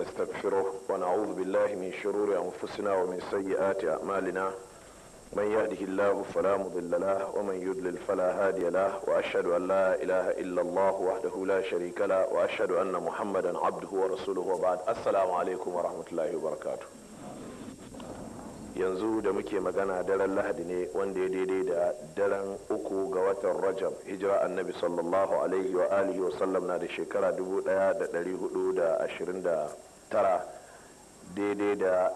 ونستغفره ونعوذ بالله من شرور أنفسنا ومن سيئات أعمالنا من يهده الله فلا مضل له ومن يضلل فلا هادي له وأشهد أن لا إله إلا الله وحده لا شريك له وأشهد أن محمدا عبده ورسوله وبعد السلام عليكم ورحمة الله وبركاته yanzu da muke magana daren lahadi ne wanda ya daidai da daren uku ga watan rajab hijira annabi sallallahu alaihi wa alihi wa sallam na da shekara 1427 tara daidai da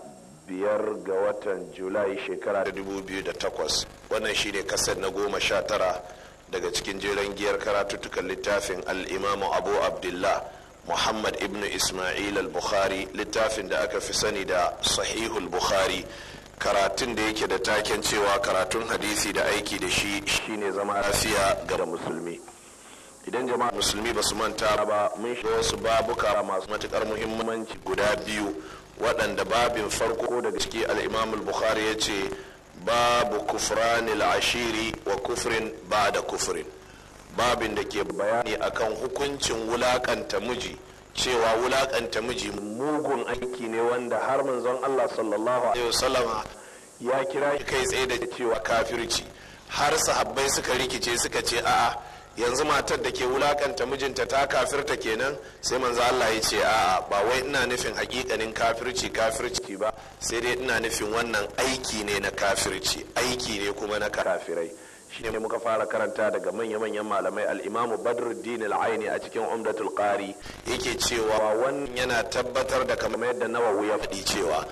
biyar ga watan julai shekara 2008 wannan shine kasar na goma sha tara daga cikin jeren giyar karatuttukan littafin al'imamu abu abdullah muhammad ibn ismail al-bukhari littafin da aka fi sani da sahihul bukhari karatun da yake da taken cewa karatun hadisi da aiki da shi shine zama lafiya ga musulmi idan jama'a musulmi ba su manta ba mun shiga wasu babuka masu matukar muhimmanci guda biyu waɗanda babin farko daga ciki al'imamul bukhari ya ce babu kufranil ashiri wa kufrin ba da kufrin babin da ke bayani akan hukuncin wulakanta miji cewa wulakanta miji mugun aiki ne wanda har manzon allah sallallahu alaihi wasallama ya kira shi kai tsaye da cewa kafirci har sahabbai suka rikice suka ce a'a yanzu matar da ke wulakanta mijinta ta kafirta kenan sai manzo Allah ya ce a'a ba wai ina nufin hakikanin kafirci kafirci ba sai dai ina nufin wannan aiki ne na kafirci aiki ne kuma na kafirai shine muka fara karanta daga manya-manyan malamai al-imam badruddin al-aini a cikin umdatul qari yake cewa wannan yana tabbatar da kamar yadda nawawi ya faɗi cewa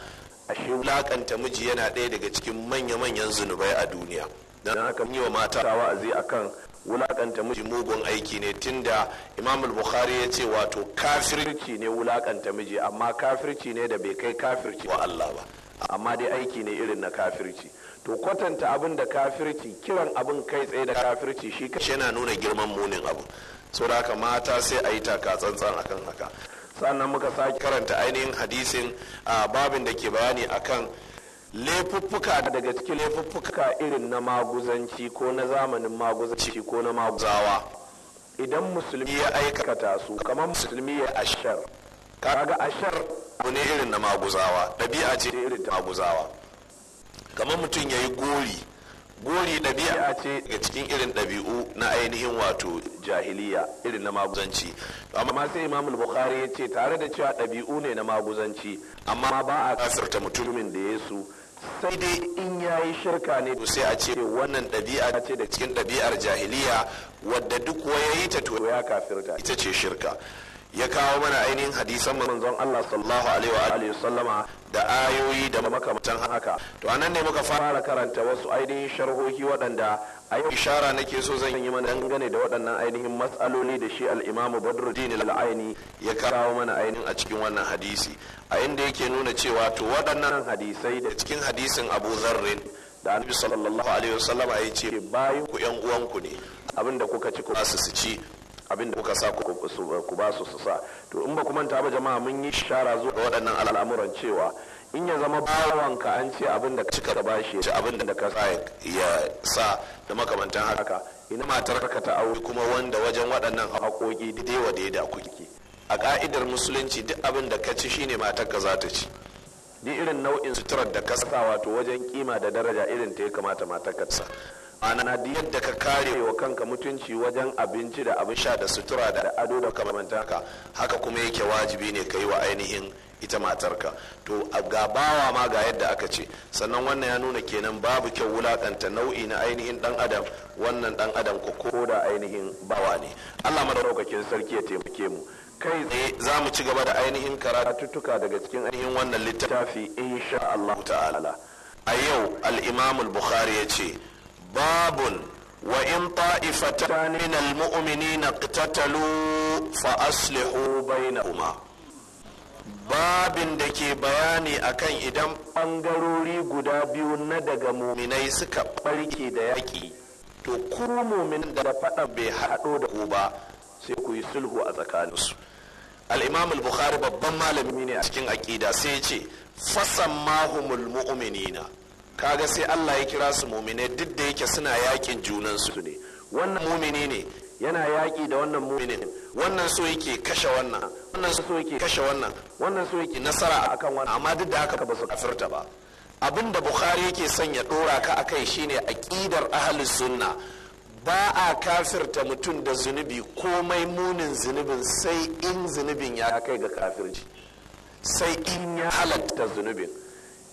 ashe wulakanta miji yana ɗaya daga cikin manya-manyan zunubai a duniya don haka yi wa mata wa'azi akan wulakanta miji mugun aiki ne tunda imam bukhari ya ce wato kafirci ne wulakanta miji amma kafirci ne da bai kai kafirci wa Allah ba amma dai aiki ne irin na kafirci to kwatanta abin da kafirci kiran abin kai tsaye da kafirci shi ka. yana nuna girman munin abu da haka mata sai a yi taka tsantsan akan haka sannan muka sake karanta ainihin hadisin a babin da ke bayani akan laifuffuka daga cikin laifuffuka irin na maguzanci ko na zamanin maguzanci ko na maguzawa idan musulmi ya aikata su kamar musulmi ya ashar kaga ashar abu ne irin na maguzawa ɗabi'a ce irin ta maguzawa kamar mutum ya yi gori gori ɗabi'a ce daga cikin irin ɗabi'u na ainihin wato jahiliya irin na maguzanci amma sai imam bukhari ya ce tare da cewa ɗabi'u ne na maguzanci amma ba a kasarta mutumin da ya su sai dai in yayi shirka ne to sai a ce wannan ɗabi'a ce da cikin ɗabi'ar jahiliya wadda duk waya yi ta to ya kafirta ita ce shirka ya kawo mana ainihin hadisan manzon Allah sallallahu alaihi wa alihi sallama da ayoyi da makamantan haka to anan ne muka fara karanta wasu ainihin sharhohi waɗanda a yau ishara ke so zan yi mana dangane da waɗannan ainihin matsaloli da shi al'imamu badruddin al'aini ya karawo mana ainihin a cikin wannan hadisi a inda yake nuna cewa to waɗannan hadisai da cikin hadisin abu zarrin da annabi sallallahu alaihi wasallam ya ce bayan ku yan uwanku ne abinda kuka ci ku su ci abinda kuka sa ku ba su sa to in ba ku manta ba jama'a mun yi shara zuwa waɗannan al'amuran cewa in ya zama ka an ce abin da ka shi ya abin da ka sa ya sa da makamantan haka ina matar ka ta aure kuma wanda wajen waɗannan haƙoƙi daidai wa da kuke a ka'idar musulunci duk abin da ka ci shine matar ka za ta ci duk irin nau'in suturar da ka sa wato wajen kima da daraja irin ta ya kamata matar ka sa ana da yadda ka kare wa kanka mutunci wajen abinci da abin sha da sutura da ado da makamantan haka haka kuma yake wajibi ne ka yi wa ainihin ita matarka to ga bawa ma ga yadda aka ce sannan wannan ya nuna kenan babu kyau wulakanta nau'i na ainihin dan adam wannan dan adam ko da ainihin bawa ne allah madaukakin sarki ya taimake mu kai tsaye za mu ci gaba da ainihin karatuttuka daga cikin ainihin wannan littafi insha allah ta'ala a yau al-imamul bukhari ya ce babun wa in min al-mu'minina المؤمنين fa aslihu bainahuma babin da ke bayani akan idan ɓangarori guda biyu na daga muminai suka ɓarke da yaƙi to kuru mumin da faɗa bai haɗo da ku ba sai ku yi sulhu a tsakaninsu al al-bukhari babban malami ne a cikin aƙida sai ce fasan mahumul mu'minina kaga sai Allah ya kira su muminai duk da yake suna yakin junansu ne wannan mumini ne yana yaƙi da wannan muminin wannan so yake kashe wannan wannan so yake kashe wannan wannan so yake nasara akan wannan amma duk da haka ba su kafirta ba abin da bukhari yake son ya ɗora ka akai shine aƙidar ahlus sunna ba a kafirta mutum da zunubi komai munin zunubin sai in zunubin ya kai ga kafirci sai in ya halatta zunubin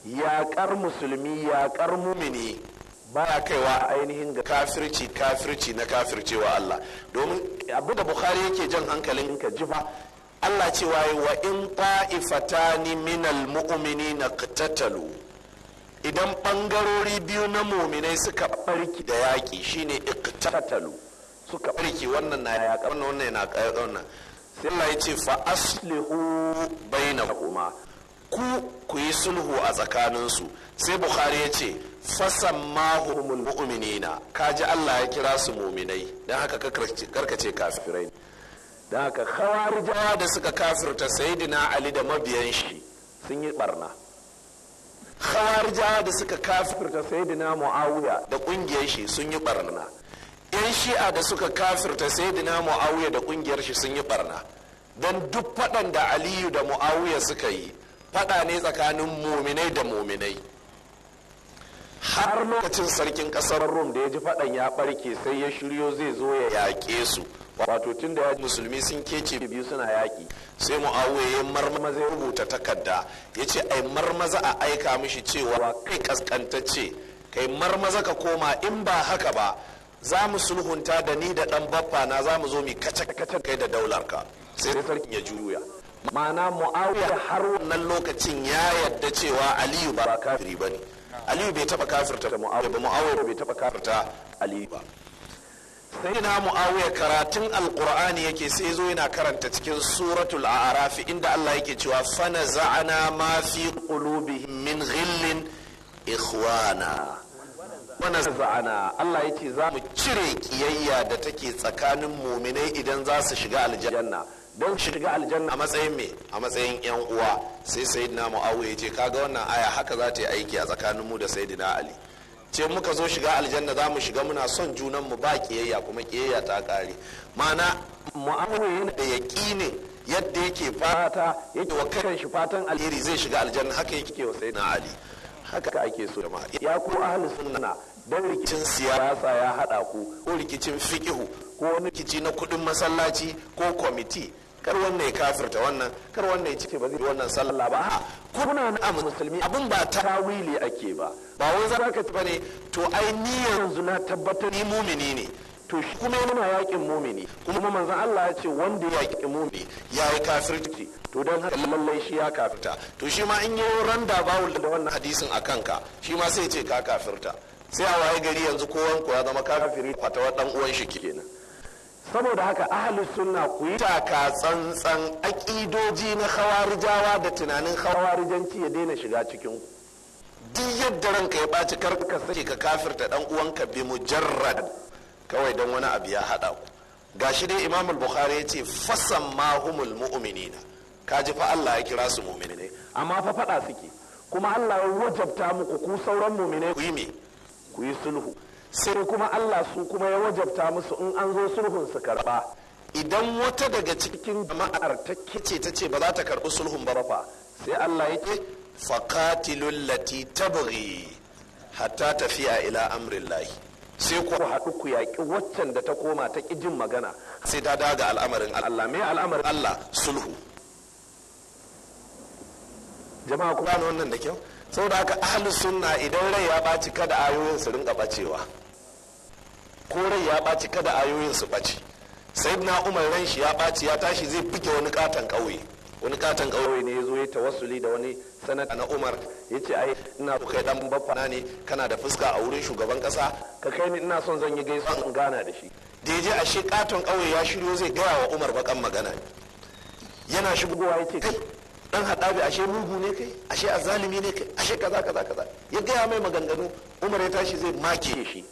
yaƙar musulmi yaƙar mumini baya kaiwa ainihin ga kafirci kafirci na kafircewa Allah domin abu da Bukhari yake jan hankalin ka jifa Allah ce wa in ta'ifatani minal mu'minina qatatalu idan bangarori biyu na mu'minai suka barki da yaki shine iqtatalu suka barki wannan na yaƙa wannan wannan yana ƙayar wannan sai Allah ya ce fa aslihu bainahuma ku ku yi sulhu a tsakaninsu sai Bukhari ya ce fasan mahumul mu'minina kaji Allah ya kira su muminai don haka karkace kafirai don haka khawarijawa da suka kafirta sayidina ali da mabiyan shi sun yi barna khawarijawa da suka kafirta sayidina muawiya da kungiyar shi sun yi barna yan shi'a da suka kafirta sayidina muawiya da kungiyar shi sun yi barna don duk faɗan da aliyu da muawiya suka yi faɗa ne tsakanin muminai da muminai har lokacin sarkin kasar rum da ya ji fadan ya barke sai ya shiryo zai zo ya yaƙe su wato tun da musulmi sun kece biyu suna yaƙi sai mu'awiya ya marmaza ya rubuta takarda ya ce ai marmaza a aika mishi cewa kai kaskantacce kai marmaza ka koma in ba haka ba za mu sulhunta da ni da dan baffa na za mu zo mu kace kace kai da daular ka sai sarkin ya juya ma'ana mu'awiya har wannan lokacin ya yarda cewa aliyu ba kafiri bane aliyu bai taba kafirta da ba bai taba kafirta aliyu ba sai na muawiya karatun alƙur'ani yake sai zo yana karanta cikin suratul arafi inda Allah yake cewa fana za'ana ma fi qulubihim min ghillin ikhwana wana za'ana Allah yake za mu cire kiyayya da take tsakanin muminai idan za su shiga aljanna don shiga aljanna a matsayin me a matsayin yan uwa sai sayyidina muawiya ce kaga wannan aya haka za ta yi aiki a tsakanin mu da sayyidina ali ce muka zo shiga aljanna za mu shiga muna son junan mu ba kiyayya kuma kiyayya ta kare ma'ana muawiya yana da ne yadda yake fata yake wa kan shi fatan alheri zai shiga aljanna haka yake wa sayyidina ali haka ake so jama'a ya ku ahli sunna dan rikicin siyasa ya hada ku ko rikicin fiqihu ko wani rikici na kudin masallaci ko kwamiti kar wannan ya kafirta wannan kar wannan ya ce ba zai wannan sallah ba a kuna na musulmi abin ba tarawili ake ba ba wai za ka ba ne to ai ni yanzu na tabbatar ni mumini ne to shi kuma yana yakin mumini kuma manzon Allah ya ce wanda ya yaki mumini ya yi kafirci to don haka lallai shi ya kafirta to shi ma in yi randa bawul da wannan hadisin a ka shi ma sai ce ka kafirta sai a waye gari yanzu kowanku ya zama kafiri fatawar dan uwan shi kenan saboda haka ahalus sunna ku yi taka tsantsan aƙidoji na khawarijawa da tunanin khawarijanci ya daina shiga cikin duk yadda ranka ya ɓaci kar ka sake ka kafirta dan uwanka bi mujarrad kawai dan wani abu ya haɗa ku gashi dai imam al-bukhari ya ce fasan mahumul mu'minina kaji fa Allah ya kira su mu'minai amma fa faɗa suke kuma Allah ya wajabta muku ku sauran mu'minai ku yi me ku yi sulhu sai kuma Allah su kuma ya wajabta musu in an zo sulhun su karba idan wata daga cikin jama'ar ta kice ta ce ba za ta karbi sulhun ba fa sai Allah ya ce faqatilul lati tabghi hatta tafiya ila amrillahi sai ku haɗu ku yaƙi waccan da ta koma ta ƙi jin magana sai ta daga al'amarin Allah me al'amarin Allah sulhu jama'a ku gane wannan da kyau saboda haka ahlus sunna idan rai ya ɓaci kada ayoyin su rinka ɓacewa ko rai ya ɓaci kada ayoyin su ɓaci sayyidina umar ran shi ya baci ya tashi zai fike wani katon ƙauye wani katon ƙauye ne ya zo ya tawassuli da wani sanata na umar ya ce ai ina so kai dan na ne kana da fuska a wurin shugaban kasa ka kai ni ina son zan yi gaisuwa in gana da shi da ya je a shi katon ƙauye ya shiryo zai gaya wa umar bakan magana yana shigowa ya ce dan haɗabi ashe mugu ne kai ashe azalimi ne kai ashe kaza kaza kaza ya gaya mai maganganu umar ya tashi zai make shi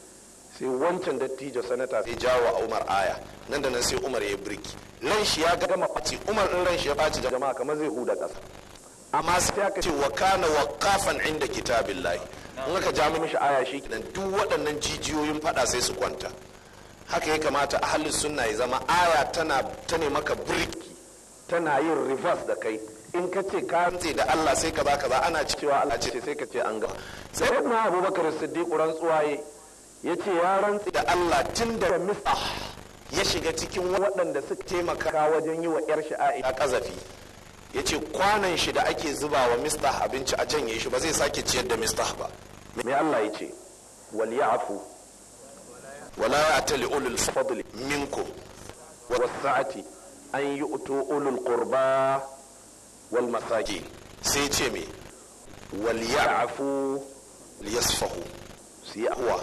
sai wancan dattijo sanata sai jawo a umar aya nan da nan sai umar ya birki lan shi ya gama ɓaci umar din ran shi ya ɓaci jama'a kamar zai huda kasa. amma sai aka ce wa kana waqafan inda kitabillahi in aka ja mishi aya shi kidan duk waɗannan jijiyoyin fada sai su kwanta haka ya kamata ahlus sunna ya zama aya tana ta ne maka birki tana yin reverse da kai in ka ce ka rantse da Allah sai ka za ka ana cewa Allah ce sai ka ce an ga sai na abubakar siddiq rantsuwaye ya ce ya rantse da Allah tun da misa ya shiga cikin waɗanda suka taimaka wajen yi wa yar a kazafi ya ce kwanan shi da ake zuba wa mistah abinci a janye shi ba zai sake ciyar da mistah ba me Allah ya ce wal ya'fu wala ya'tali ulul fadli minkum sa'ati an yu'tu ulul qurba wal masakin sai ce me wal ya'fu liyasfahu su yi ahuwa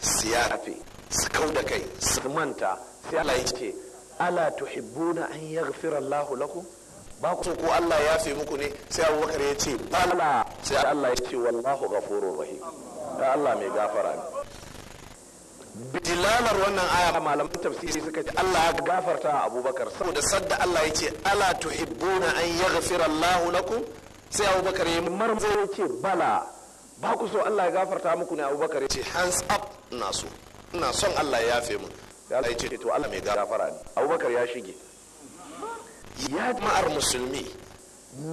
su yafe su kau da kai su manta sai Allah ya ce ala tuhibbuna an yaghfira Allahu lakum ba ku ko ya fi muku ne sai Abubakar ya ce bala sai Allah ya ce mai gafara dilalar wannan aya malaman tafsiri suka ce Allah ya gafarta wa Abubakar saboda sadda Allah ya ce ala tuhibbuna an yaghfira Allah lakum sai Abubakar ya marmaza ya ce bala ba ku so Allah ya gafarta muku ne Abubakar ya ce hands up ina so ina son Allah ya yafe mun Allah ya ce to Allah mai gafara ne Abubakar ya shige ya ma'ar musulmi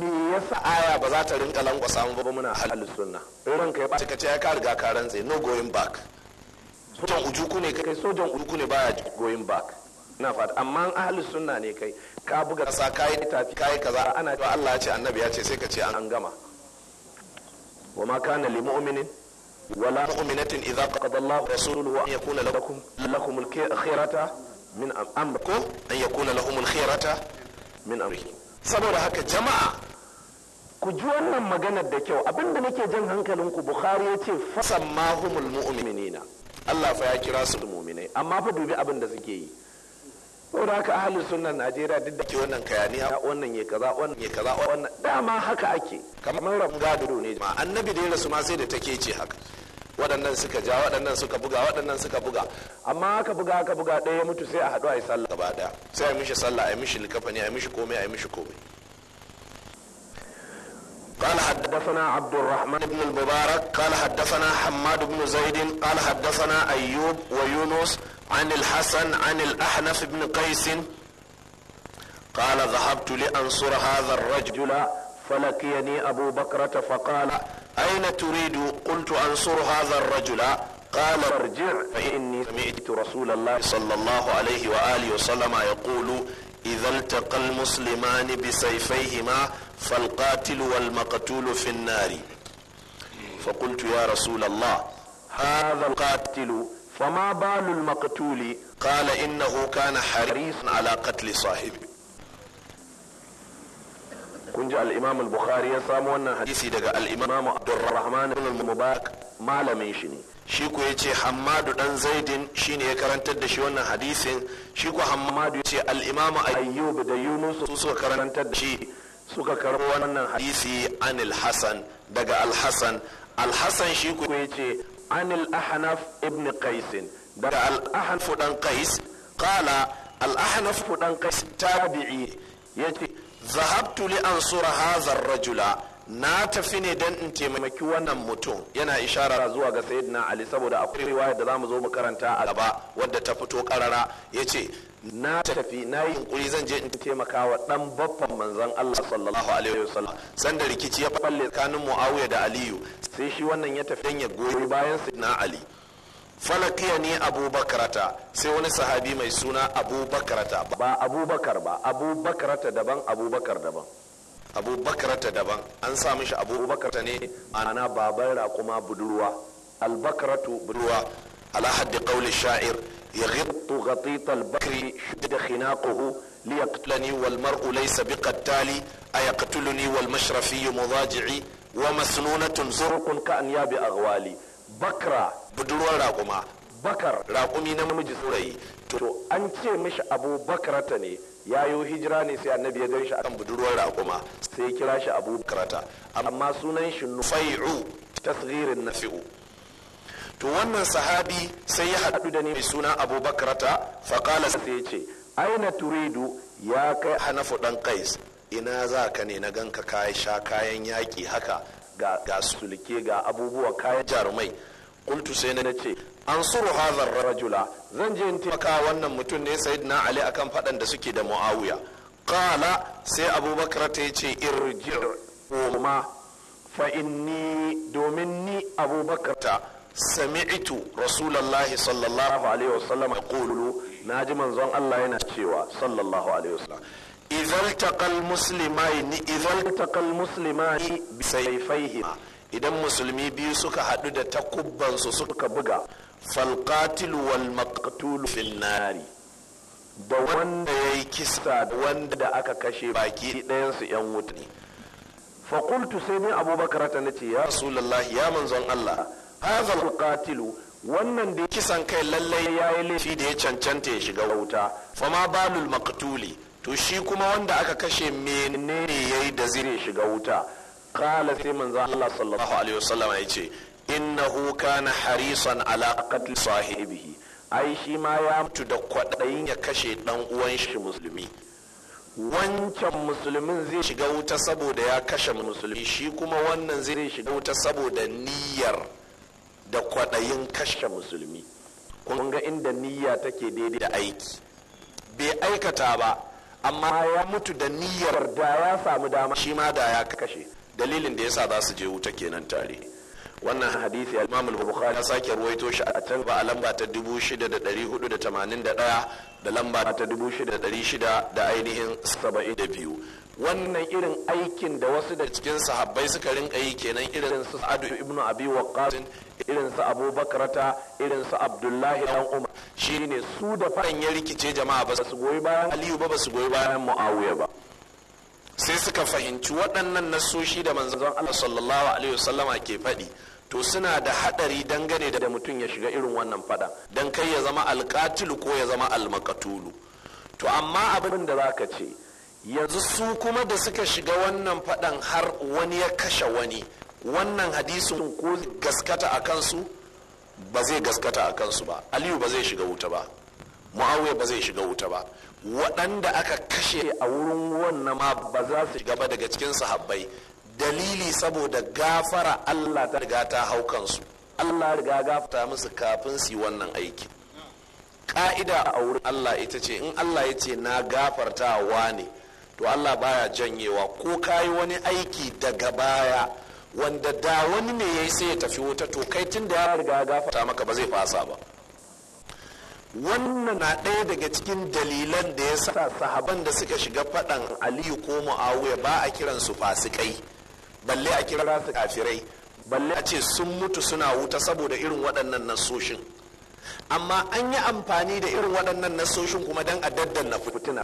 me yasa aya ba za ta rinka lankwasa mu ba muna halin sunna ranka ya ba ka ce ya ka riga ka rantse no going back sojan ujuku ne kai sojan ujuku ne baya going back na fata amma ahli sunna ne kai ka buga kasa kai tafi kai kaza ana cewa Allah ya ce annabi ya ce sai ka ce an gama wa ma kana lil mu'minin wala mu'minatin idza qada Allah rasuluhu an yakuna lakum lakum al khairata min amrikum an yakuna lahum al khairata min amrikum saboda haka jama'a ku ji wannan maganar da kyau abinda nake jan hankalinku bukhari ya ce humul mu'minina Allah fa ya kira su da muminai amma fa dubi abin da suke yi saboda haka ahalin sunan Najeriya duk da ke wannan kayaniya wannan ya kaza wannan ya kaza wannan dama haka ake kamar ran gado ne ma annabi da ya su ma sai da take ce haka waɗannan suka ja waɗannan suka buga waɗannan suka buga amma aka buga aka buga ɗaya mutu sai a haɗu a yi sallah gaba ɗaya sai a mishi sallah a yi mishi likafani a yi mishi komai a yi mishi komai قال حدثنا عبد الرحمن بن المبارك قال حدثنا حماد بن زيد قال حدثنا أيوب ويونس عن الحسن عن الأحنف بن قيس قال ذهبت لأنصر هذا الرجل فلقيني أبو بكرة فقال أين تريد قلت أنصر هذا الرجل قال ارجع فإني سمعت رسول الله صلى الله عليه وآله وسلم يقول إذا التقى المسلمان بسيفيهما فالقاتل والمقتول في النار فقلت يا رسول الله هذا القاتل فما بال المقتول قال إنه كان حريصا على قتل صاحبه kun ji al al-bukhari ya samu wannan hadisi daga al-imam abdurrahman ibn mubarak malamin shi ne shi ku yace hammadu dan zaidin shine ya karantar da shi wannan hadisin shi ku hammadu yace al-imam ayyub da yunus su suka karantar da shi suka karbo wannan hadisi anil hasan daga al-hasan al-hasan shi ku yace anil ahnaf ibn qais daga al-ahnaf dan qais qala al-ahnaf dan qais tabi'i yace zahabtu li sura hazar rajula na tafi ne don in taimaki wannan mutum yana ishara zuwa ga sayyidina ali saboda akwai riwaya da za mu zo mu karanta a gaba wadda ta fito karara yace na tafi na yi yunkuri zan je in taimaka wa dan baffan manzon Allah sallallahu alaihi wasallam sanda rikici ya falle tsakanin Muawiya da Aliyu sai shi wannan ya tafi ya goyi bayan sayyidina Ali falakiyani abubakarata sai wani sahabi mai suna abubakarata ba abubakar ba abubakarata daban abubakar daban abubakarata daban an sa mishi abubakarata ne ana baban raƙuma budurwa albakaratu budurwa ala haddi qawli sha'ir يغط غطيط البكر شد خناقه ليقتلني والمرء ليس بقتالي أيقتلني والمشرفي مضاجعي ومسنونة زرق yabi aghwali bakra budurwar raƙuma bakar raƙumi na namiji saurayi to an ce mishi abu bakarata ne ya yi hijira ne sai annabi ya ganshi akan budurwar raƙuma sai kira shi abu bakarata amma sunan shi nufai'u na nafi'u to wannan sahabi sai ya haɗu da ni mai suna abu bakarata faƙala sai ya ce aina turidu ya kai hanafu ɗan kais ina za ka ne na ganka kayan sha kayan yaƙi haka ga sulke ga abubuwa kayan jarumai qultu sai na ce ansuru hadhar rajula zan je in taimaka wannan mutum ne sayyidina ali akan fadan da suke da muawiya qala sai abubakar ta ce irji koma fa inni domin ni abubakar ta sami'tu rasulullahi sallallahu alaihi wasallam yaqulu naji manzon Allah yana cewa sallallahu alaihi wasallam idza altaqa almuslimani idza altaqa almuslimani bisayfayhima idan musulmi biyu suka haɗu da takubbansu suka buga falqatilu wal maqtulu fil nari da wanda ya yi kista da wanda aka kashe baki ɗayansu yan wuta ne fakultu sai ne abubakar ta nace ya rasulullahi ya manzon allah hazal wannan da kisan kai lallai ya yi laifi da ya cancanta ya shiga wuta fa ma balul maktuli to shi kuma wanda aka kashe menene ya yi da zire shiga wuta kala sai manzo Allah sallallahu alaihi wasallam ya ce innahu kana harisan ala qatl sahibihi ai shi ma ya mutu da kwaɗayin ya kashe ɗan uwan shi musulmi wancan musulmin zai shiga wuta saboda ya kashe musulmi shi kuma wannan zai shiga wuta saboda niyyar da kwaɗayin kashe musulmi kun ga inda niyya take daidai da aiki bai aikata ba amma ya mutu da niyyar da ya samu dama shi ma da ya kashe dalilin da yasa za su je wuta kenan tare wannan hadisi al-Imam al-Bukhari ya sake ruwaito shi a tarba a lamba ta 6481 da lamba ta 6600 da ainihin 72 wannan irin aikin da wasu da cikin sahabbai suka rinka yi kenan irin su Sa'adu ibn Abi Waqqas irin su Abu ta irin su Abdullahi dan Umar shine su da fara ya rikice jama'a ba su goyi bayan Aliyu ba ba su goyi bayan Muawiya ba sai suka fahimci waɗannan nasoshi da manzon Allah sallallahu alaihi wasallama ke faɗi to suna da haɗari dangane da mutum ya shiga irin wannan faɗan. dan kai ya zama alƙatil ko ya zama almakatulu to amma abin da za ka ce yanzu su kuma da suka shiga wannan faɗan har wani ya kashe wani wannan hadisin ko gaskata a kansu ba zai gaskata a kansu ba aliyu ba zai shiga wuta ba mu'awiya ba zai shiga wuta ba waɗanda aka kashe a wurin wannan ma ba za su gaba daga cikin sahabbai dalili saboda gafara Allah ta riga ta hau kansu Allah riga gafata musu kafin su yi wannan aiki ka'ida a wurin Allah ita ce in Allah ya ce na gafarta wa ne to Allah baya janyewa ko ka yi wani aiki daga baya wanda da wani ne ya yi sai ya tafi wuta to kai tun da ya riga gafarta maka ba zai fasa ba wannan na ɗaya daga cikin dalilan da ya sa sahaban da suka shiga faɗan aliyu ko mu'awiya ba a kiransu fasikai balle a kira su kafirai balle a ce sun mutu suna wuta saboda irin waɗannan nasoshin amma an yi amfani da irin waɗannan nasoshin kuma don a daddanna fitina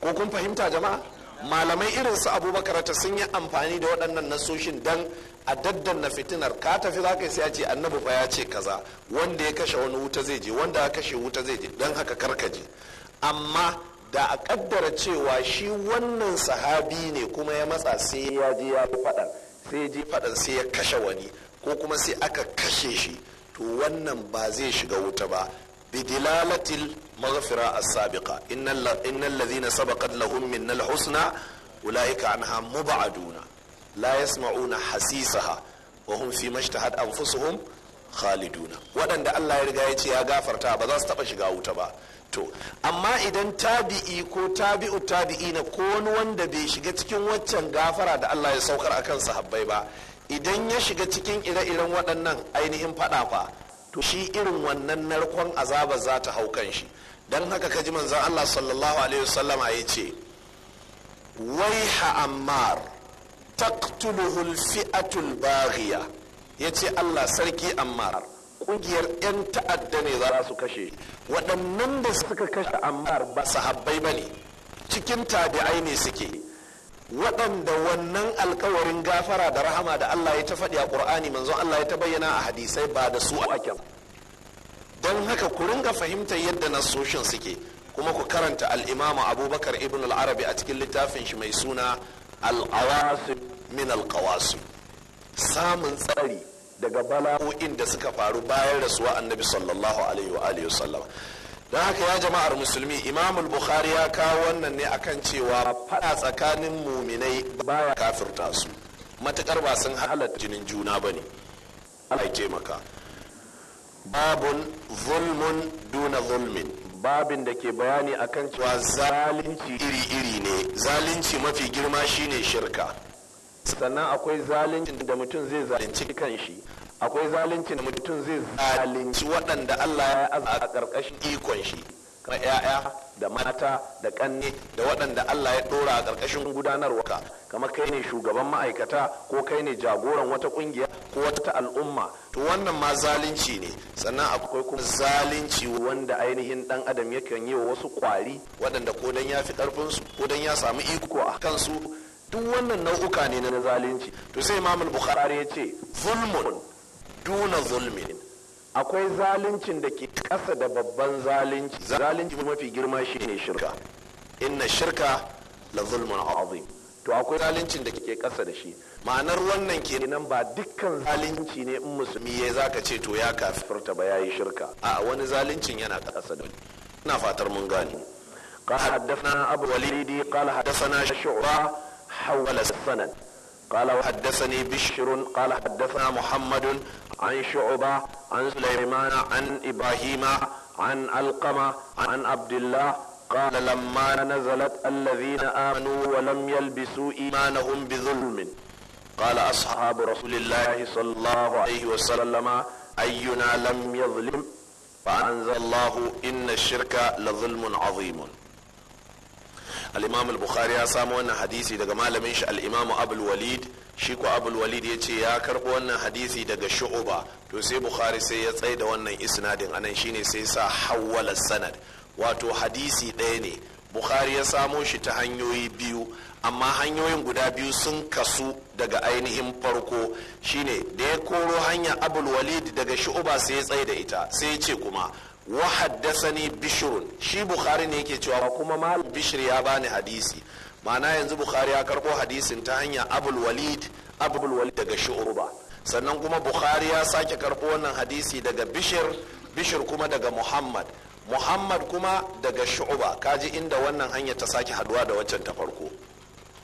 ko kun fahimta jama'a malamai irin su abubakar ta sun yi amfani da waɗannan nasoshin don a daddan na fitinar ka tafi za ka sai ce annabi fa ya ce kaza wanda ya kashe wani wuta zai je wanda ya kashe wuta zai je don haka karkaje amma da a kaddara cewa shi wannan sahabi ne kuma ya matsa sai ya je ya faɗan sai ya je faɗan sai ya kashe wani ko kuma sai aka kashe shi to wannan ba zai shiga wuta ba بدلالة المغفرة السابقة إن, إن الذين سبقت لهم من الحسنى أولئك عنها مبعدون لا يسمعون حسيسها وهم فيما اشتهت أنفسهم khalidun waɗanda Allah ya riga ya ce ya gafarta ba za su taɓa shiga wuta ba to amma idan tabi'i ko tabi'u tabi'i na ko wani wanda bai shiga cikin waccan gafara da Allah ya saukar akan sahabbai ba idan ya shiga cikin ire-iren waɗannan ainihin faɗafa. to shi irin wannan narkon azaba za ta hau kan shi don haka kaji manzon Allah sallallahu alaihi wasallama ya ce waiha ammar taktuluhul fi'atul baghiya yace Allah sarki ammar kungiyar 'yan ta'adda ne za su kashe waɗannan da suka kashe ammar ba sahabbai ba ne cikin tabi'ai ne suke waɗanda wannan alkawarin gafara da rahama da Allah ya ta faɗi a ƙur'ani manzon Allah ya ta bayyana a hadisai ba da su ake don haka ku ringa fahimtar yadda nasoshin suke kuma ku karanta al'imamu abubakar ibn al-arabi a cikin littafin shi mai suna al min al samun tsari daga bala'o'in da suka faru bayan rasuwa annabi sallallahu alaihi wa alihi don haka ya jama'ar musulmi imam bukhari ya kawo wannan ne akan cewa fada tsakanin muminai ba ya kafirta su matukar ba sun halatta jinin juna ne Allah ya taimaka babun zulmun duna zulmin babin da ke bayani akan cewa zalunci iri-iri ne zalunci mafi girma shine shirka sannan akwai zalunci da mutum zai zalunci shi akwai zalunci zaluncin mutum zai zalunci waɗanda Allah ya aza a ƙarƙashin ikon shi kan ‘ya'ya da mata da ƙanne da waɗanda Allah ya ɗora a ƙarƙashin gudanarwa kamar kai ne shugaban ma'aikata ko kai ne jagoran wata ƙungiya ko wata al'umma to wannan ma zalunci ne sannan akwai kuma zalunci wanda ainihin ɗan adam yakan yi wa wasu kwari. waɗanda ko dan ya fi ƙarfinsu ko dan ya samu iko a kansu duk wannan nau'uka ne na zalunci to sai imamul bukhari ya ce zulmun duna zulmin akwai zalincin da ke ƙasa da babban zalinci zalunci mafi girma shine shirka inna shirka la zulmun azim to akwai zalincin da ke ƙasa da shi ma'anar wannan kenan ba dukkan zalinci ne in musulmi ya zaka ce to ya kafirta ba yayi shirka a wani zalincin yana ƙasa da ina fatar mun gane قال حدثنا أبو وليدي قال حدثنا شعبة حول السند قال وحدثني بشر قال حدثنا محمد عن شعبة عن سليمان عن إبراهيم عن القمة عن عبد الله قال لما نزلت الذين آمنوا ولم يلبسوا إيمانهم بظلم قال أصحاب رسول الله صلى الله عليه وسلم أينا لم يظلم فأنزل الله إن الشرك لظلم عظيم al-imam al-bukhari ya samu wannan hadisi daga malamin shi al-imam abul walid shi ko abul walid ya ce ya karbo wannan hadisi daga shu'uba to sai bukhari sai ya tsaye da wannan isnadin anan shine sai sa hawwala sanad wato hadisi ɗaya ne bukhari ya samo shi ta hanyoyi biyu amma hanyoyin guda biyu sun kasu daga ainihin farko shine da ya koro hanya abul walid daga shu'uba sai ya tsaye da ita sai ya ce kuma wa haddasani bishrun shi bukhari ne yake cewa kuma mal bishr ya bani hadisi ma'ana yanzu bukhari ya karbo hadisin ta hanya abul walid abul walid daga shu'urba sannan kuma bukhari ya sake karbo wannan hadisi daga bishir bishir kuma daga muhammad muhammad kuma daga shu'uba kaji inda wannan hanya ta sake haduwa da waccan ta farko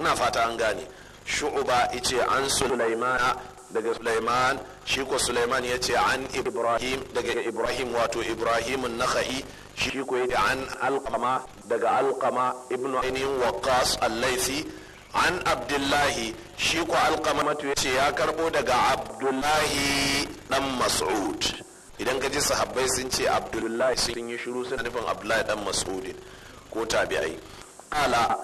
ina fata an gane shu'uba ice an sulaimana daga Sulaiman shi ko Sulaiman ya ce an Ibrahim daga Ibrahim wato Ibrahim Nakha'i shi ko ya an Alqama daga Alqama ibnu ainihin Waqqas Al-Laythi an Abdullahi shi ko Alqama ya ce ya karbo daga Abdullahi dan Mas'ud idan ka ji sahabbai sun ce Abdullahi sun yi shiru suna nufin Abdullahi dan Mas'udin ko tabi'ai ala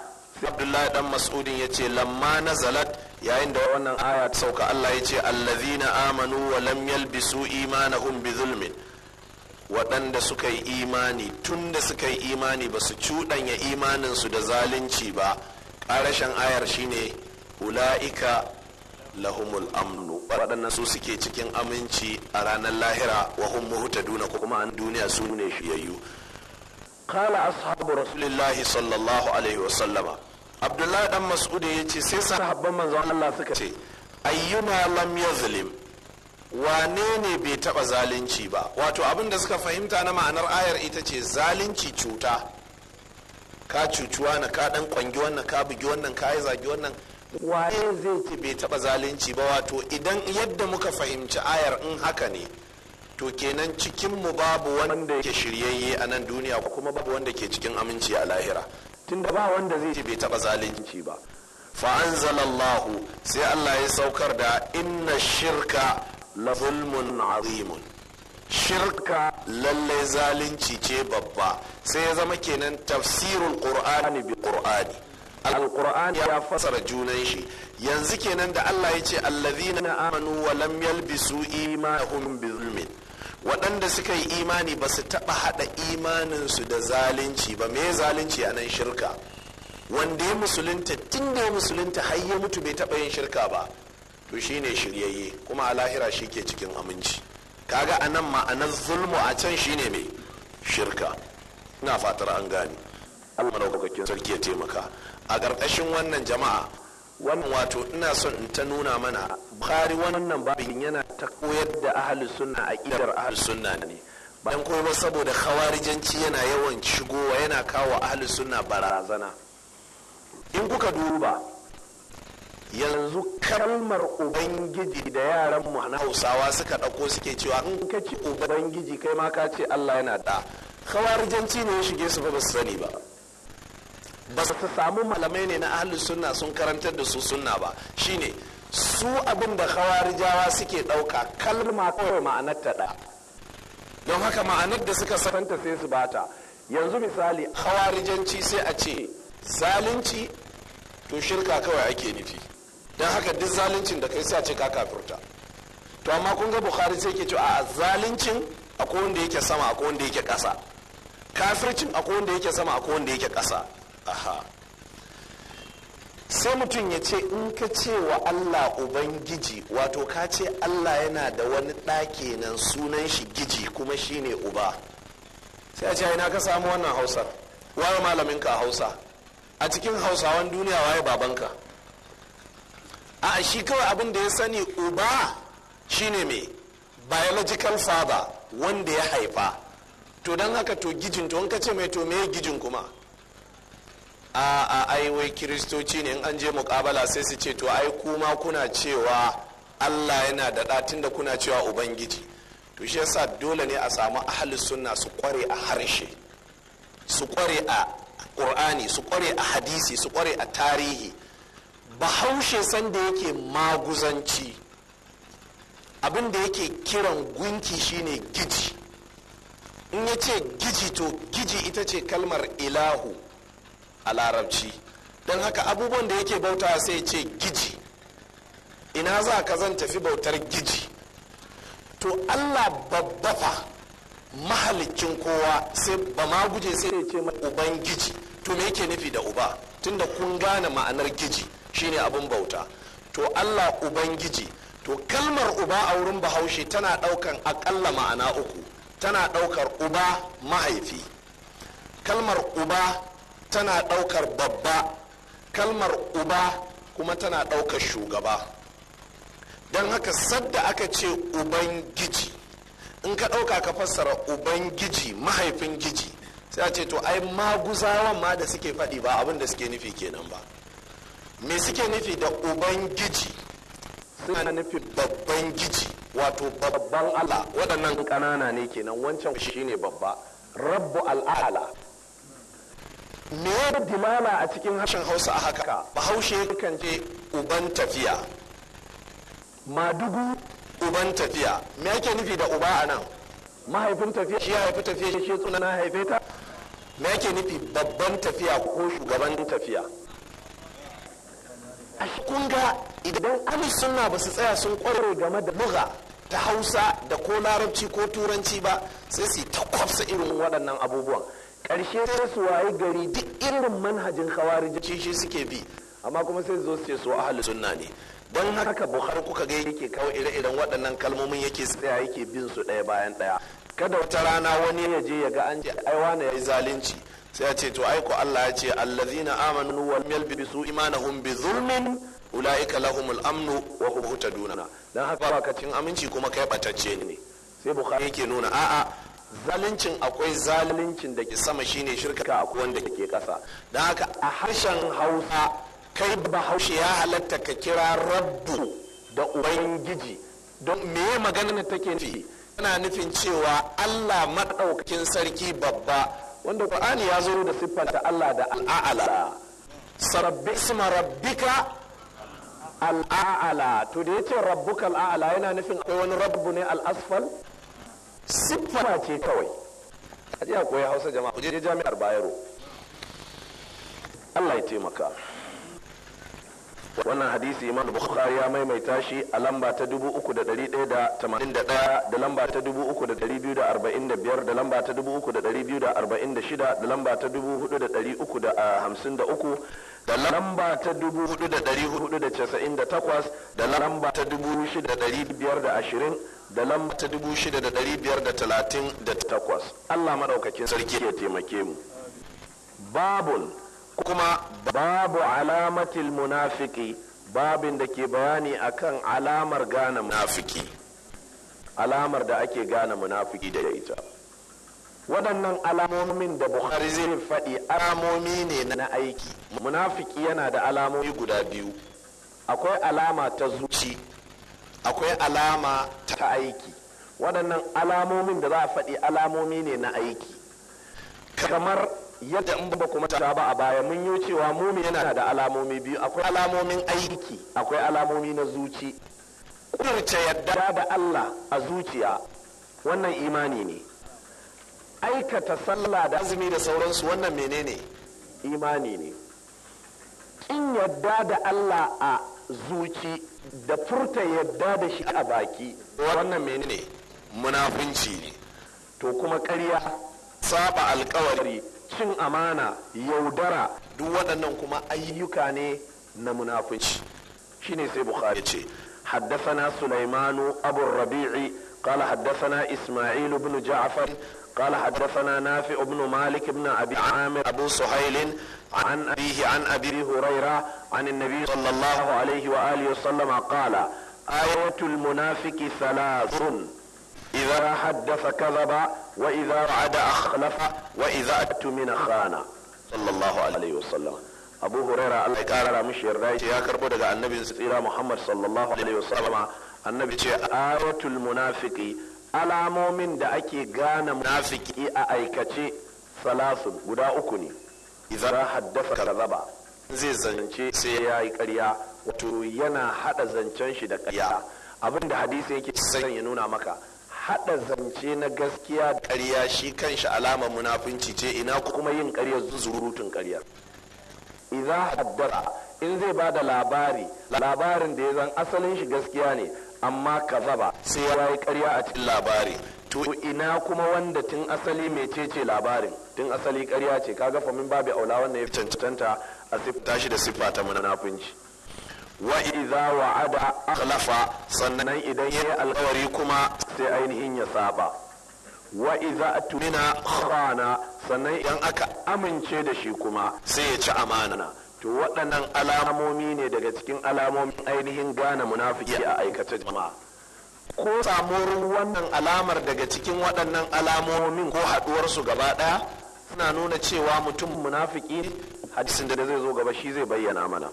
Abdullahi dan Mas'udin ya ce lamma nazalat yayin da wannan aya ta sauka Allah ya ce allazina amanu wa lam yalbisu imanahum bi zulmin waɗanda suka yi imani tun da suka yi imani ba su cuɗanya imaninsu da zalunci ba ƙarashen ayar shine ula'ika lahumul amnu waɗannan su suke cikin aminci a ranar lahira wa hum muhtaduna kuma an duniya su ne shiyayyu qala ashabu rasulillahi sallallahu alaihi wa sallama abdullahi dan mas'ud ya ce sai sahabban manzon Allah suka ce ayyuna lam yazlim wane ne bai taba zalunci ba wato abin da suka fahimta na ma'anar ayar ita ce zalunci cuta ka cuci na ka dan kwangi wannan ka bugi wannan ka yi zagi wannan Wane zai ce bai taba zalunci ba wato idan yadda muka fahimci ayar in haka ne to kenan cikin mu babu wanda ke shiryayye a nan duniya kuma babu wanda ke cikin aminci a lahira tunda ba wanda zai ce bai taba zalunci ba fa anzalallahu sai Allah ya saukar da inna shirka la zulmun azimun shirka lalle zalunci ce babba sai ya zama kenan tafsirul qur'ani bi qur'ani ya fasara junan shi yanzu kenan da Allah ya ce allazina amanu wa lam yalbisu imanahum bi zulmin waɗanda suka yi imani ba su taɓa haɗa imaninsu da zalunci ba me zalunci a nan shirka wanda ya musulunta tun da ya musulunta har ya mutu bai taɓa yin shirka ba to shi ne shiryayye kuma a lahira shi ke cikin aminci kaga a nan ma'anar zulmu a can shi ne mai shirka ina fatar an gane allah sarki ya taimaka a ƙarƙashin wannan jama'a wannan wato ina son in ta nuna mana bukhari wannan babin yana ta koyar da ahlus sunna ƙidar ahalus sunna ne bayan kuma ba saboda khawarijanci yana yawan shigowa yana kawo ahalus sunna barazana in kuka duba yanzu kalmar ubangiji da yaran mu na hausawa suka ɗauko suke cewa in ka ci ubangiji kai ma ka ce allah yana da khawarijanci ne ya shige su ba su sani ba ba su samu malamai ne na ahlus sunna sun karantar da su sunna ba shine su abin da khawarijawa suke ɗauka kalma kawai ma'anar ta ɗa don haka ma'anar da suka santa sai su bata yanzu misali khawarijanci sai a ce zalunci to shirka kawai ake nufi don haka duk zaluncin da kai sa ce ka kafirta to amma kun ga bukhari sai ke ce a zaluncin akwai wanda yake sama akwai wanda yake ƙasa kafircin akwai wanda yake sama akwai wanda yake ƙasa aha sai mutum ya ce in ka ce wa allah giji wato ka ce allah yana da wani ɗaki nan sunan shi giji kuma shine uba sai a ce ina ka samu wannan hausar waye malaminka a hausa a cikin hausawan duniya waye babanka a shi kawai abin da ya sani uba shine mai biological father wanda ya haifa to don haka to gijin to in ce mai to me gijin kuma a a ai kiristoci ne in an je mukabala sai su ce to ai kuma kuna cewa allah yana da ɗatin da kuna cewa ubangiji to shi yasa dole ne a samu ahli sunna su kware a harshe su kware a qur'ani su kware a hadisi su kware a tarihi bahaushe sanda yake maguzanci abin da yake kiran gunki shine giji in ya ce giji to giji ita ce kalmar ilahu a larabci don haka abubuwan da yake bauta sai ce giji ina za ka zan tafi bautar giji to allah babbafa mahalicin kowa sai ba ma guje sai ya ce uban giji to me yake nufi da uba tunda kun gane ma'anar giji shine abun bauta to allah uban giji to kalmar uba a wurin bahaushe tana daukan akalla ma'ana uku tana daukar uba mahaifi kalmar uba tana ɗaukar babba kalmar uba kuma tana ɗaukar shugaba don haka sadda aka ce ubangiji in ka ɗauka ka fassara ubangiji mahaifin giji sai a ce to ai maguzawan ma da suke faɗi ba abin da suke nufi kenan ba me suke nufi da ubangiji suna nufi babban giji wato babban allah waɗannan ƙanana ne kenan wancan shi ne babba rabbu al'ala me ya a cikin harshen hausa a haka bahaushe kan je uban tafiya madugu uban tafiya me ake nufi da uba a nan mahaifin tafiya shi haifi tafiya shi tsuna na haife ta me ake nufi babban tafiya ko shugaban tafiya a kun ga idan alis suna ba su tsaya sun kware game da buga ta hausa da ko larabci ko turanci ba sai su ta kwafsa irin waɗannan abubuwan karshe sai su waye gari duk irin manhajin khawarij shi suke bi amma kuma sai zo su ce su ahli sunna ne don haka bukhari kuka ga yake kawo ire-iren waɗannan kalmomin yake tsaya yake bin su ɗaya bayan ɗaya kada wata rana wani ya je ya ga an ce ai wani yayi zalunci sai ya ce to ai ko Allah ya ce allazina amanu wal lam yalbisu imanahum bi zulmin ulaika lahumul amnu wa hum hutaduna dan haka ba ka cin aminci kuma kai batacce ne sai bukhari yake nuna a'a zalincin akwai zalincin da ke sama shine shirka akwai wanda ke kasa don haka a harshen hausa kai bahaushe ya halatta ka kira rabbu da ubangiji don me magana maganar take nufi tana nufin cewa allah maɗaukakin sarki babba wanda ƙwa'ani ya zo da siffanta allah da al'a'ala sarabbi isma rabbika al'a'ala to da ya ce rabbuka al'a'ala yana nufin akwai wani rabbu ne al'asfal siffa ce kawai a ji koyi hausa jama'a ku je jami'ar bayero allah ya taimaka wannan hadisi imam bukhari ya maimaita shi a lamba ta 3181 da lamba ta 3245 da lamba ta 3246 da lamba ta 4353 ah, da lamba ta 4498 da lamba ta 6520 da lamba ta dubu shida da ɗari biyar da talatin da takwas allah maɗaukakin sarki ya taimake mu babun kuma babu alamatil munafiki babin da ke bayani akan alamar gane munafiki alamar da ake gane munafiki da ita waɗannan alamomin da bukhari zai faɗi alamomi ne na aiki munafiki yana da alamomi guda biyu akwai alama ta zuci akwai alama ta aiki waɗannan alamomin da za a faɗi alamomi ne na aiki kamar yadda in ba kuma ta ba a baya mun yi cewa mumi yana da alamomi biyu akwai alamomin aiki akwai alamomi na zuci kudurta yadda da Allah a zuciya wannan imani ne aikata sallah da azumi da sauransu wannan menene imani ne in yadda da Allah a zuci da furta yadda da shi a baki wannan menene munafunci ne to kuma ƙarya saba alkawari cin amana yaudara duk waɗannan kuma ayyuka ne na munafunci shine sai bukhari ce حدثنا سليمان أبو الربيع قال حدثنا إسماعيل بن جعفر قال حدثنا نافع بن مالك بن أبي عامر أبو سهيل عن أبيه عن أبي هريرة عن النبي صلى الله عليه وآله وسلم قال آية المنافق ثلاث إذا حدث كذب وإذا وعد أخلف وإذا أتمن خان صلى الله عليه وسلم abu huraira allah ya kara mishi yarda ya ce ya karbo daga annabin tsira muhammad sallallahu alaihi wasallam annabi ce ayatul munafiki alamomin da ake gane munafiki a aikace salasu guda uku ne idan haddasa kazaba zai zance sai ya yi karya wato yana hada zancen shi da karya abinda hadisi yake son ya nuna maka hada zance na gaskiya da karya shi kanshi alamar munafunci ce ina kuma yin karya zurutun karya idan haddasa in zai ba da labari labarin da ya zan asalin shi gaskiya ne amma kazaba sai ya yi karya a cikin labari to ina kuma wanda tun asali mecece labarin tun asali karya ce kaga famin babu aula wanda ya cancanta a sifta shi da siffa ta munafunci wa idza wa'ada akhlafa sannan idan yayi alkawari kuma sai ainihin ya saba wa idza tumina khana sannan idan aka amince da shi kuma sai ya ci amana to waɗannan alamomi ne daga cikin alamomin ainihin gane munafiki a aikata jama'a ko samuwar wannan alamar daga cikin waɗannan alamomin ko haɗuwarsu gaba ɗaya suna nuna cewa mutum munafiki hadisin da zai zo gaba shi zai bayyana mana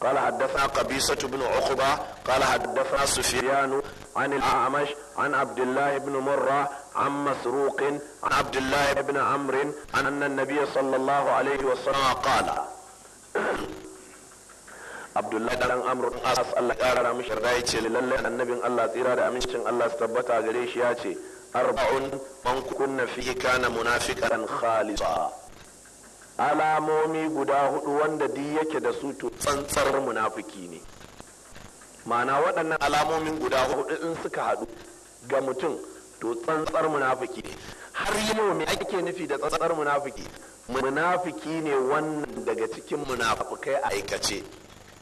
قال حدثنا قبيصة بن عقبة قال حدثنا سفيان عن الأعمش عن عبد الله بن مرة عن مسروق عن عبد الله بن عمرو أن النبي صلى الله عليه وسلم قال abdullahi dan amr bin as Allah ya kara mishi da yace lalle annabin Allah tsira da amincin Allah su tabbata gare shi ya ce arba'un man kunna fihi kana munafiqan khalisa alamomi guda hudu wanda di yake da su to tsantsar munafiki ne ma'ana waɗannan alamomin guda hudu in suka haɗu ga mutum to tsantsar munafiki ne har yi mai ake nufi da tsantsar munafiki munafiki ne wannan daga cikin munafikai aikace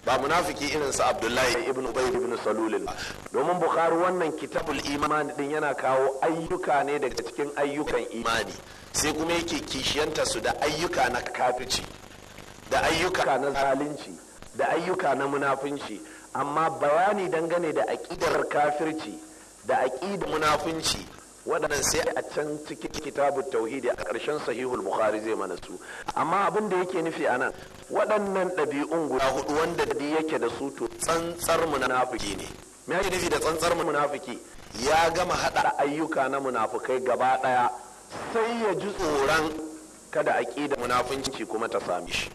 ba munafiki irin su abdullahi ibn ubayd ibn salul domin bukhari wannan kitabul imani din yana kawo ayyuka ne daga cikin ayyukan imani sai kuma yake kishiyanta su da ayyuka na kafici da ayyuka na zalunci da ayyuka na munafunci amma bayani dangane da aƙidar kafirci da aƙidar munafunci waɗannan sai a can cikin kitabu tauhidi a ƙarshen sahihul bukhari zai mana su amma abin da yake nufi a nan waɗannan ɗabi'un guda hudu wanda da yake da su to tsantsar munafiki ne me yake nufi da tsantsar munafiki ya gama haɗa ayyuka na munafukai gaba ɗaya sai ya ji tsoron kada a da munafunci kuma ta sami shi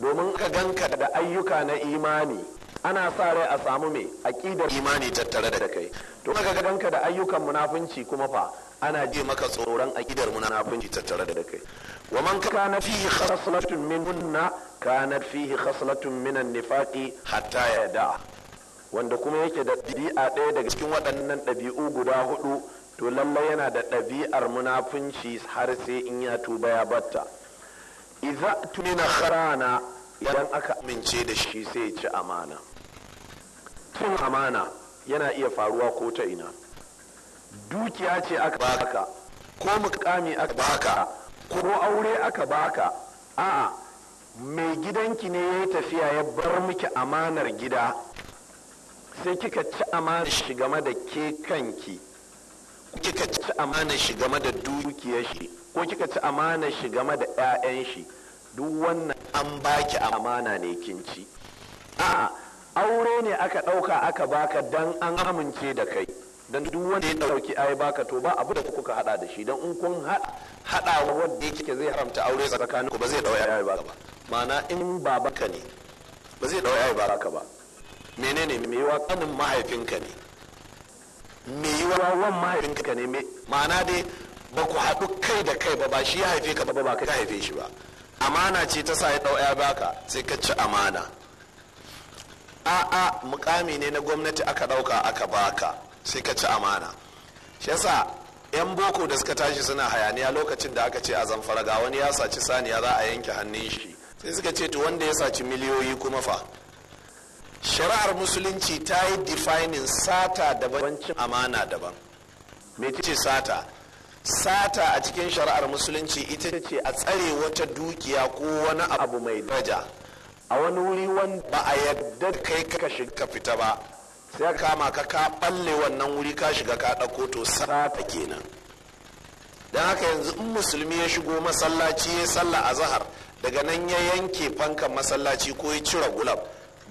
domin ka ganka da ayyuka na imani ana sa rai a samu mai aƙidar imani tattare da kai to ka ga da ayyukan munafunci kuma fa ana je maka tsoron akidar munafunci tattare da kai wa man kana fihi khaslatun minhunna kanat fihi khaslatun min an-nifaqi hatta yada wanda kuma yake da dabi'a ɗaya daga cikin waɗannan ɗabi'u guda hudu to lallai yana da ɗabi'ar munafunci har sai in ya tuba ya batta idza tunina kharana idan aka amince da shi sai ya ci amana Tun amana yana iya faruwa ko ta ina dukiya ce aka baka ko mukami aka baka ko aure aka baka a'a mai gidanki ne ya yi tafiya ya bar miki amanar gida sai kika ci amanar shi game da ke kanki kika ci amanar shi game da dukiyar shi ko kika ci amanar shi game da 'ya'yan shi duk wannan an baki amana ne kin ci a'a aure ne aka ɗauka aka baka dan an amince da kai dan duk wanda ya ɗauki ai baka to ba abu da kuka hada da shi dan in kun hada wanda cike zai haramta aure tsakanin ku ba zai ɗauki ai baka ba ma'ana in babanka ne ba zai ɗauki ai baka ba menene me yiwa kanin mahaifinka ne me yiwa wan mahaifinka ne me ma'ana dai ba ku haɗu kai da kai ba ba shi ya haife ka ba ba ka haife shi ba amana ce ta sa ya ɗauki ai baka sai ka ci amana a'a mukami ne na gwamnati aka ɗauka aka baka sai ka ci amana shi yasa yan boko da suka tashi suna hayaniya lokacin da aka ce a zamfara ga wani ya saci saniya za a yanke hannun shi sai suka ce to wanda ya saci miliyoyi kuma fa shari'ar musulunci ta yi defining sata daban amana daban ce sata sata a cikin shari'ar musulunci ita ce a tsare wata dukiya ko wani abu mai daraja a wani wuri wanda ba a yadda da kai ka shiga ka fita ba sai kama ka ka balle wannan wuri ka shiga ka dauko to sata kenan dan haka yanzu in musulmi ya shigo masallaci ya sallah a daga nan ya yanke fankan masallaci ko ya cire gulab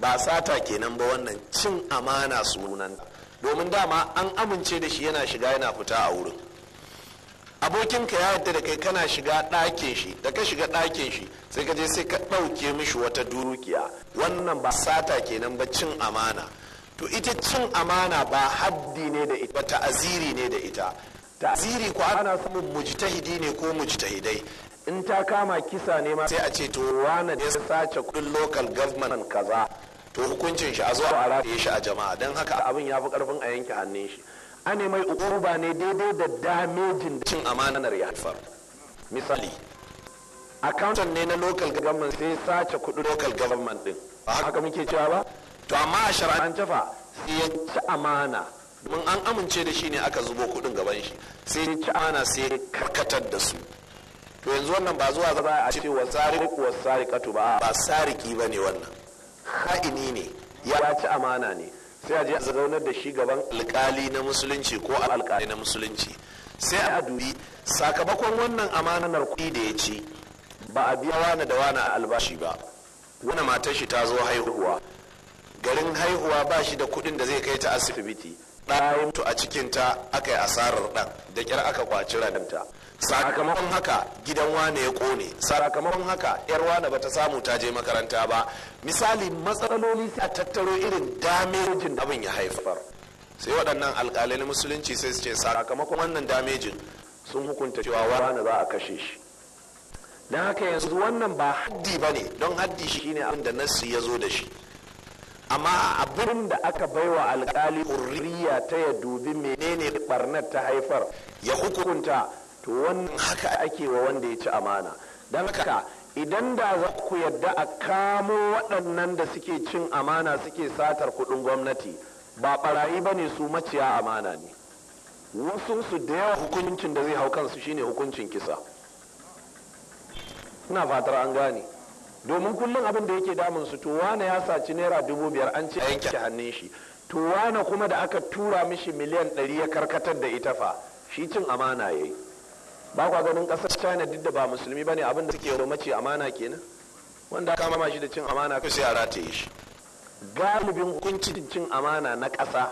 ba sata kenan ba wannan cin amana sunan domin dama an amince da shi yana shiga yana fita a wurin abokinka ya yarda da kai kana shiga ɗakin shi da ka shiga ɗakin shi sai ka je sai ka ɗauke mishi wata dukiya wannan ba sata kenan ba cin amana to ita cin amana ba haddi ne da ita ba ta'aziri ne da ita ta'aziri ko ana samu mujtahidi ne ko mujtahidai in ta kama kisa ne ma sai a ce to wani ya sace kudin local government kaza to hukuncin shi a zo a rafe shi a jama'a don haka abin ya fi karfin a yanke hannun shi ane mai ukuba ne daidai da damejin da cin amanar ya haifar misali accountant ne na local government sai sace kudin local government din ba haka muke cewa ba to amma a an tafa sai ya ci amana domin an amince da shi ne aka zubo kudin gaban shi sai ya ci amana sai ya karkatar da su to yanzu wannan ba zuwa za a ce wa ko wa sariqatu ba ba sariki bane wannan ha'ini ne ya ci amana ne sai a je a zaunar da shi gaban alkali na musulunci ko alkali na musulunci sai a dubi sakamakon wannan amanar kuɗi da ya ci ba a biya wani da wani albashi ba wani matar shi ta zo haihuwa garin haihuwa ba shi da kuɗin da zai kai ta asibiti mutu a cikinta aka yi asarar ɗan da ƙyar aka kwaci rananta sakamakon haka gidan wane ya ƙone sakamakon haka yar wane ta samu ta je makaranta ba misali matsaloli a tattaro irin damejin abin ya haifar sai waɗannan alƙalai na musulunci sai su ce sakamakon wannan damejin sun hukunta cewa wane za a kashe shi don haka yanzu wannan ba haddi ba ne don haddi shi ne abin da nassi ya zo da shi amma abin da aka baiwa alkali urriya ta ya dubi menene barnar ta haifar ya hukunta to wannan haka ake wa wanda ya ci amana don haka idan da za ku yadda a kamo waɗannan da suke cin amana suke satar kuɗin gwamnati ba barayi ba ne su maciya amana ne wasu su da yawa hukuncin da zai hau kansu shine hukuncin kisa ina fatar an gane domin kullum abin da yake damun su to wane ya saci naira dubu biyar an ce yanke hannun shi to wane kuma da aka tura mishi miliyan ɗari ya karkatar da ita fa shi cin amana yayi ba kwa ganin ƙasar china duk da ba musulmi bane abin da suke mace amana kenan wanda aka kama shi da cin amana kai sai a rataye shi galibin hukuncin cin amana na ƙasa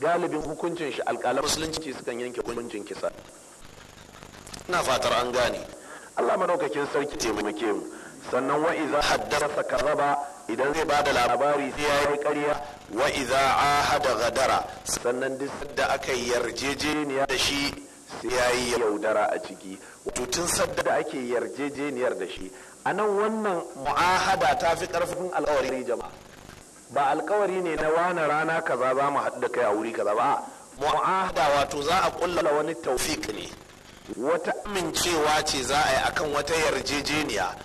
galibin hukuncin shi alƙalan musulunci sukan yanke hukuncin kisa ina fatar an gane Allah madaukakin sarki taimake mu sannan wa iza haddarsa kazaba idan zai ba da labari sai ya yi ƙarya wa iza ahada gadara sannan duk da aka yarjejeniya da shi sai ya yi yaudara a ciki wato tun sadda da ake yarjejeniyar da shi a nan wannan mu'ahada ta fi ƙarfin alƙawari jama'a ba alƙawari ne na wani rana kaza za mu haɗu da kai a wuri kaza ba mu'ahada wato za a ƙulla wani taufik ne wata amincewa ce za a yi akan wata yarjejeniya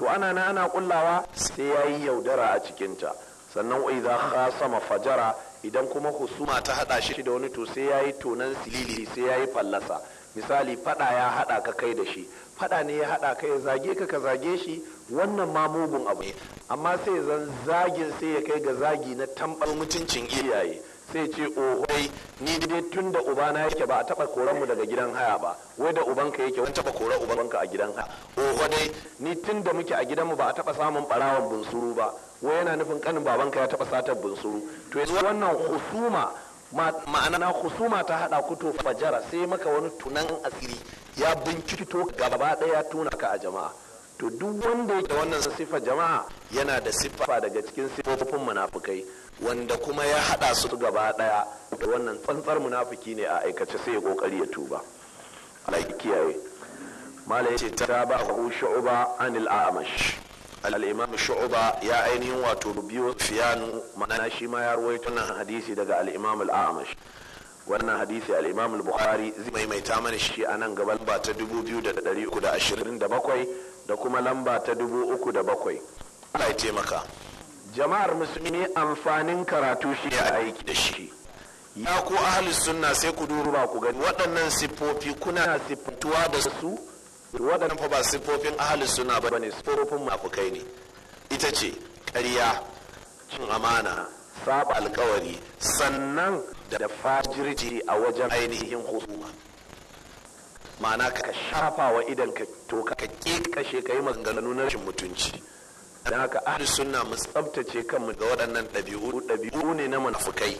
to ana na ana kullawa sai yayi yaudara a cikinta sannan za ka sama fajara idan kuma husuma ta hada shi da wani to sai ya yi tonan silili sai ya yi fallasa misali fada ya hada ka kai da shi fada ne ya hada ka ya zage ka ka zage shi wannan ma mugun abu ne amma sai zan zagin sai ya kai ga zagi na tambal mutuncin iyaye sai ce ohoi ni dai tun da ubana yake ba a taba koran mu daga gidan haya ba wai da ubanka yake wani taba koran ubanka a gidan haya oho dai ni tun da muke a gidan mu ba a taba samun barawan bunsuru ba wai yana nufin kanin babanka ya taba satar bunsuru to yanzu wannan husuma ma'ana husuma ta hada kuto fajara sai maka wani tunan asiri ya to gaba daya tuna ka a jama'a to duk wanda yake wannan siffa jama'a yana da siffa daga cikin siffofin munafukai wanda kuma ya hada su gaba daya da wannan tsantsar munafiki ne a aikace sai ya kokari ya tuba alaiki ya kiyaye malai ce ta ba hu shu'ba anil amash al-imam shu'ba ya ainihin wato biyo fiyanu mana shi ma ya ruwaito nan hadisi daga al-imam al-amash wannan hadisi al-imam al-bukhari zai maimaita mana shi a nan gaba lamba ta 2327 da kuma lamba ta 3007 Allah ya taimaka jama'ar musulmi amfanin karatu shi ya aiki da shi ya ku ahli sunna sai ku ba ku gani waɗannan siffofi kuna siffantuwa da su waɗannan fa ba siffofin ahli sunna ba ne siffofin mafukai ne ita ce ƙarya cin amana saba alkawari sannan da fajirci a wajen ainihin husuma ma'ana ka shafa wa idan ka to ka kashe ka yi maganganu na rashin mutunci da haka ahli sunna mu tsabtace kanmu ga waɗannan ɗabi'u ɗabi'u ne na munafukai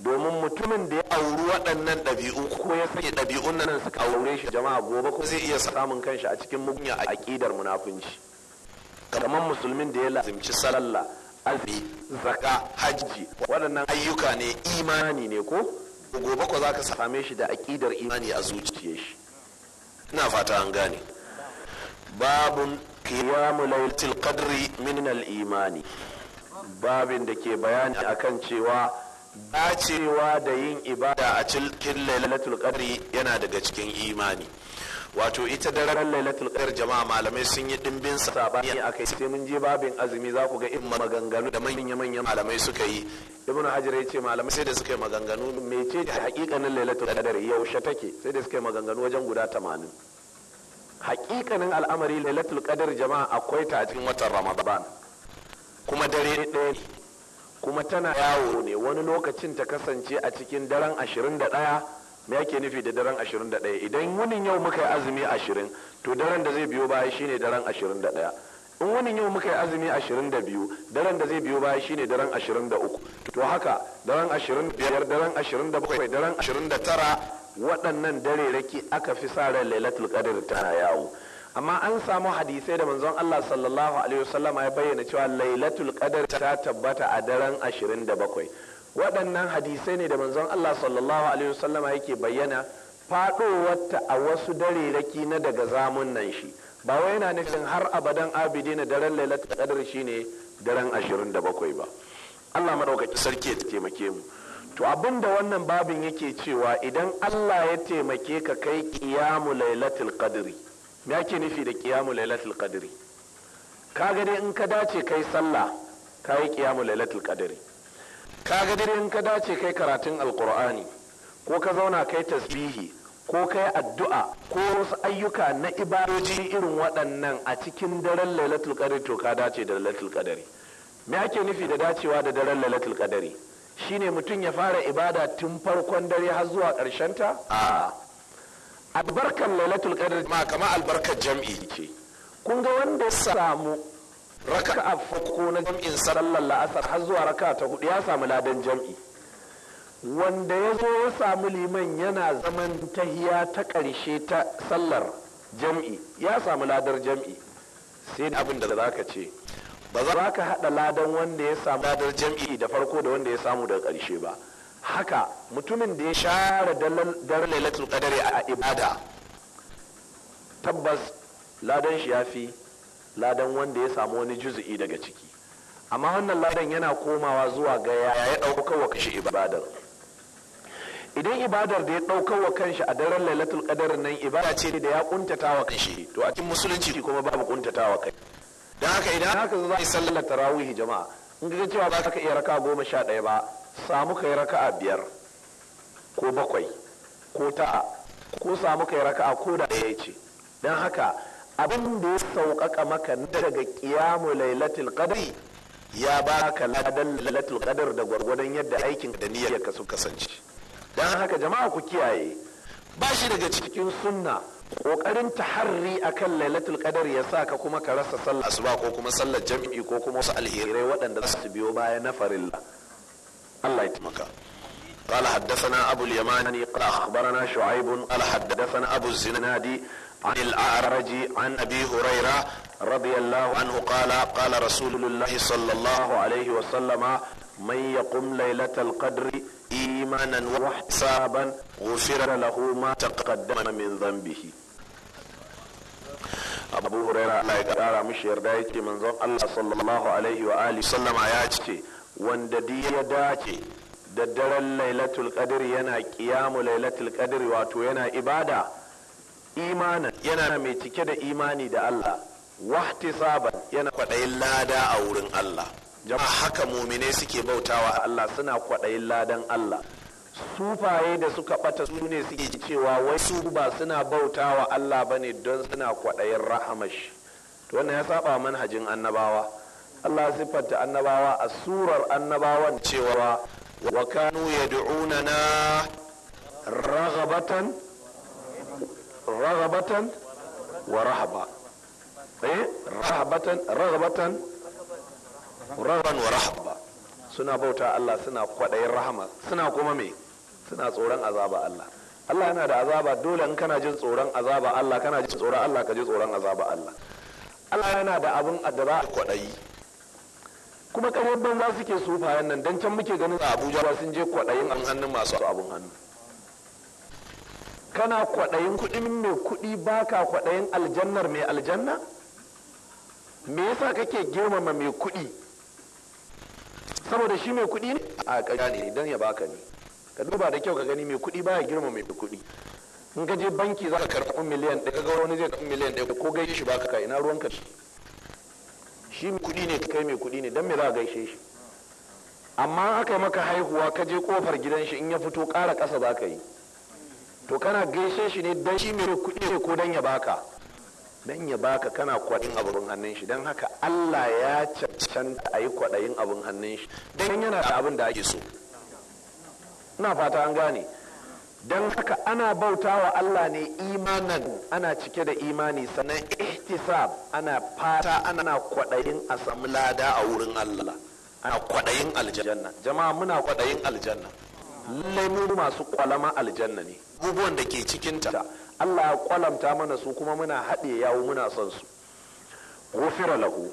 domin mutumin da ya auri waɗannan ɗabi'u ko ya sake ɗabi'un nan suka aure shi jama'a gobe ko zai iya samun kanshi a cikin mugunya a aƙidar munafunci kamar musulmin da ya lazimci sallah azumi zaka hajji waɗannan ayyuka ne imani ne ko gobe ko zaka same shi da aƙidar imani a zuciyar shi ina fata an gane babun قيام ليلة القدر من الإيمان imani babin da ke bayani باتي cewa dacewa da yin ibada a cikin lailatul qadri yana daga cikin imani wato ita daren lailatul qadr jama'a malamai sun yi dimbin sabani akai sai mun je babin azumi za ku ga in maganganu da manyan manyan malamai suka yi ibnu hajar yace ce malamai sai da suka yi maganganu mece hakikanin lailatul qadr yaushe take sai da suka yi maganganu wajen guda 80 hakikanin al'amari lailatul qadar jama'a akwai ta cikin watan ramadan kuma dare ɗaya kuma tana yawo ne wani lokacin ta kasance a cikin daren 21 me yake nufi da daren 21 idan wani yau muka yi azumi 20 to daren da zai biyo baya shine daren 21 in wani yau muka yi azumi 22 daren da zai biyo baya shine daren 23 to haka daren 25 daren 27 daren 29 waɗannan dare raki aka fi sa ran lailatul qadr tana yawo amma an samu hadisai da manzon Allah sallallahu alaihi wasallam ya bayyana cewa lailatul qadr ta tabbata a daren 27 waɗannan hadisai ne da manzon Allah sallallahu alaihi wasallam yake bayyana faɗowarta a wasu dare raki na daga zamun nan shi ba wai yana nufin har abadan abidi na daren lailatul qadr shine daren 27 ba Allah madaukaki sarki ya taimake mu to abinda wannan babin yake cewa idan Allah ya taimake ka kai kiyamu lailatul qadri me yake nufi da kiyamu lailatul qadri ka ga dai in ka dace kai sallah ka yi kiyamu lailatul qadri ka ga dai in ka dace kai karatun alqur'ani ko ka zauna kai tasbihi ko kai addu'a ko wasu ayyuka na ibadoji irin waɗannan a cikin daren lailatul qadri to ka dace da lailatul qadri me ake nufi da dacewa da daren lailatul qadri shine mutum ya fara ibada tun farkon dare har zuwa ƙarshen ta a albarkar lailatul qadr ma kama albarkar jam'i ce kun ga wanda ya samu raka'a farko na jam'in sallar la'asar har zuwa raka ta hudu ya samu ladan jam'i wanda ya zo ya samu liman yana zaman tahiya ta ƙarshe ta sallar jam'i ya samu ladar jam'i sai abin da za ka ce ba za ka haɗa ladan wanda ya samu ladar jam'i da farko da wanda ya samu daga ƙarshe ba haka mutumin da ya share daren lailatul qadari a ibada tabbas ladan shi ya fi ladan wanda ya samu wani juzu'i daga ciki amma wannan ladan yana komawa zuwa ga yaya ya ɗaukar wa kashi ibadar idan ibadar da ya ɗaukar wa kanshi a daren lailatul qadar nan ibada ce da ya ƙuntata wa kashi to a cikin musulunci kuma babu ƙuntata wa kashi. da haka idan haka za a sallar tarawih jama'a in ga cewa ba ka iya raka goma sha ɗaya ba samu kai raka'a biyar ko bakwai ko ta'a ko samu kai raka'a ko da ya ce don haka abin da ya sauƙaƙa maka daga ƙiyamu lailatul qadri ya ba ka ladan lailatul qadr da gwargwadon yadda aikin da niyyar ka su kasance don haka jama'a ku kiyaye ba shi daga cikin sunna kokarin taharri akan lailatul qadar ya sa ka kuma ka rasa sallar asuba ko kuma sallar jami'i ko kuma wasu alherai waɗanda za su biyo baya na farilla Allah ya taimaka قال حدثنا أبو اليماني قال أخبرنا شعيب قال حدثنا أبو الزنادي عن الأعرج عن أبي هريرة رضي الله عنه قال قال رسول الله صلى الله عليه وسلم من يقم ليلة القدر إيمانا واحتسابا غفر له ما تقدم من ذنبه abu huraira Allah ya kara mishi yarda yake manzon Allah sallallahu alaihi wa alihi sallama ya ce wanda di dace da daren lailatul qadr yana qiyamu lailatul qadr wato yana ibada imanan yana mai cike da imani da Allah wahtisaban yana kwaɗayin lada a wurin Allah jama'a haka mumine suke bautawa Allah suna kwaɗayin ladan Allah sufaye da suka ɓata su ne suke cewa wai su ba suna bautawa Allah bane don suna kwaɗayin rahamashi to wannan ya saba manhajin annabawa Allah siffanta annabawa a surar annabawan cewa wa kanu yad'unana raghabatan raghabatan wa rahaba eh raghabatan rawan wa rahaba suna bauta Allah suna kwaɗayin rahama suna kuma me suna tsoron azaba Allah Allah yana da azaba dole in kana jin tsoron azaba Allah kana jin tsoron Allah ka ji tsoron azaba Allah Allah yana da abin a kwaɗayi kuma kamar su ke sufayen nan dan can muke ganin a Abuja ba sun je kwaɗayin an hannun masu abun hannu kana kwaɗayin kuɗin mai kuɗi baka kwaɗayin aljannar mai aljanna me yasa kake girmama mai kuɗi saboda shi mai kuɗi ne a ƙarya ne don ya baka ne ka duba da kyau ka gani mai kuɗi baya girma mai kuɗi in ka je banki za ka karɓi miliyan ɗaya ga wani zai karɓi miliyan ɗaya ko gaishe shi baka ina ka shi mai kuɗi ne kai mai kuɗi ne don me za a gaishe shi amma aka maka haihuwa ka je kofar gidan shi in ya fito ƙara ƙasa za ka yi to kana gaishe shi ne don shi mai kuɗi ne ko don ya baka don ya baka kana kwaɗin abin hannun shi don haka Allah ya cancanta a yi kwaɗayin abin hannun shi don yana da abin da ake so ina fata an gane don haka ana bauta wa Allah ne imanan ana cike da imani sannan ihtisab ana fata ana kwaɗayin a samu lada a wurin Allah ana kwaɗayin aljanna jama'a muna kwaɗayin aljanna lallai mu masu kwalama aljanna ne abubuwan da ke cikinta Allah ya kwalamta mana su kuma muna haɗe yawo muna son su gufira lahu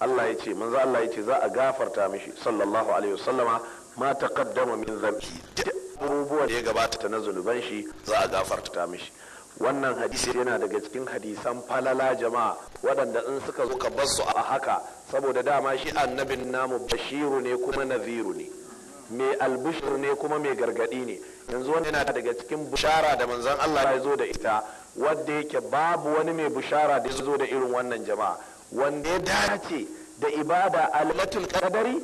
Allah ya ce manzo Allah ya ce za a gafarta mishi sallallahu alaihi wasallama ma taqaddama min dhanbi abubuwan da ya gabata ta na zunuban shi za a gafarta mishi wannan hadisi yana daga cikin hadisan falala jama'a waɗanda in suka zo ka bar su a haka saboda dama shi annabin namu bashiru ne kuma naziru ne mai albishir ne kuma mai gargaɗi ne yanzu wani yana daga cikin bushara da manzon Allah ya zo da ita wadda yake babu wani mai bushara da ya zo da irin wannan jama'a wanda ya dace da ibada alatul qadari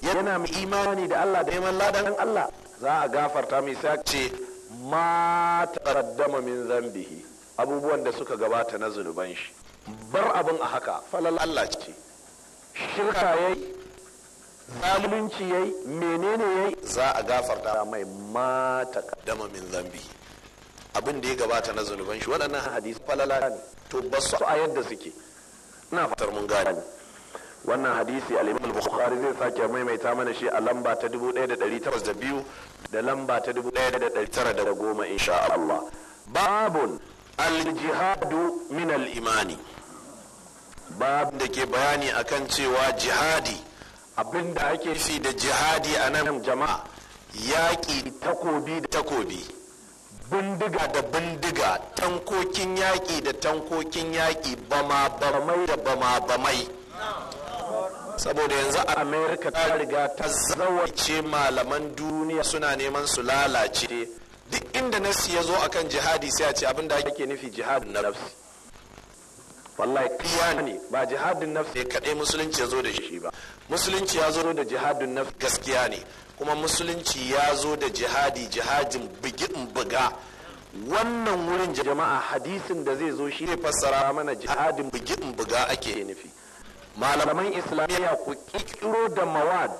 yana mai imani da Allah da neman ladan Allah za a gafarta mai sace ce ma taqaddama min zambihi abubuwan da suka gabata na zunuban shi bar abin a haka falal Allah ce shirka yayi zalunci yayi menene yayi za a gafarta mai mata dama min zambi abin da ya gabata na zunuban shi waɗannan hadisi falala ne to ba su a yadda suke ina fatar mun gane wannan hadisi al-Imam al-Bukhari zai sake maimaita mana shi a lamba ta 1802 da lamba ta 1910 insha Allah babun al-jihadu min al-imani babun da ke bayani akan cewa jihadi abinda ake fi da jihadi a nan jama'a yaƙi takobi da takobi bindiga da bindiga tankokin yaƙi da tankokin yaƙi bama bamai da bama bamai saboda yanzu a amerika ta riga ta zawace malaman duniya suna neman su lalace duk inda nasi ya zo kan jihadi sai a ce abinda ake nufi jihadi na nafsi wallahi kaiwa ne ba jihadin nafsi kadai musulunci ya zo da shi ba musulunci ya zo da jihadin nafsi gaskiya ne kuma musulunci ya zo da jihadi jihadin bugin buga wannan wurin jama'a hadisin da zai zo shi ne fassara mana jihadin bugin buga ake nufi malaman islamiyya ku kikiro da mawad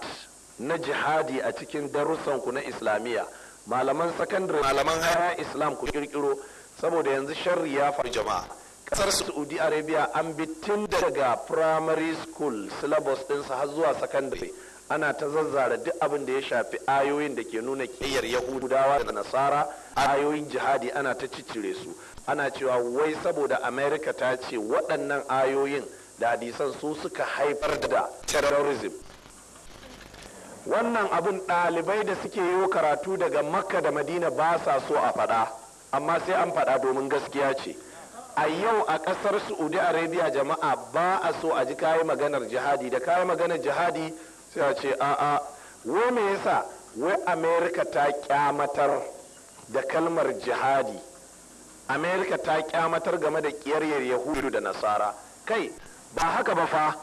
na jihadi a cikin darussan ku na islamiyya malaman sakandare malaman haya islam ku kirkiro saboda yanzu sharri ya faru jama'a kasar saudi arabia an bi tun daga primary school syllabus dinsa har zuwa secondary ana ta zazzara duk abin da ya shafi ayoyin da ke nuna kiyar yahudawa da nasara ayoyin jihadi ana ta ciccire su ana cewa wai saboda america ta ce waɗannan ayoyin da hadisan su suka haifar da terrorism wannan abin ɗalibai da suke yi karatu daga makka da madina ba sa so a faɗa amma sai an faɗa domin gaskiya ce a yau a ƙasar saudi arabia jama'a ba a so a ji kayi maganar jihadi da kayi maganar jihadi sai a ce a'a wai me yasa wai amerika ta kyamatar da kalmar jihadi amerika ta kyamatar game da ƙiyayyar yahudu da nasara kai ba haka ba fa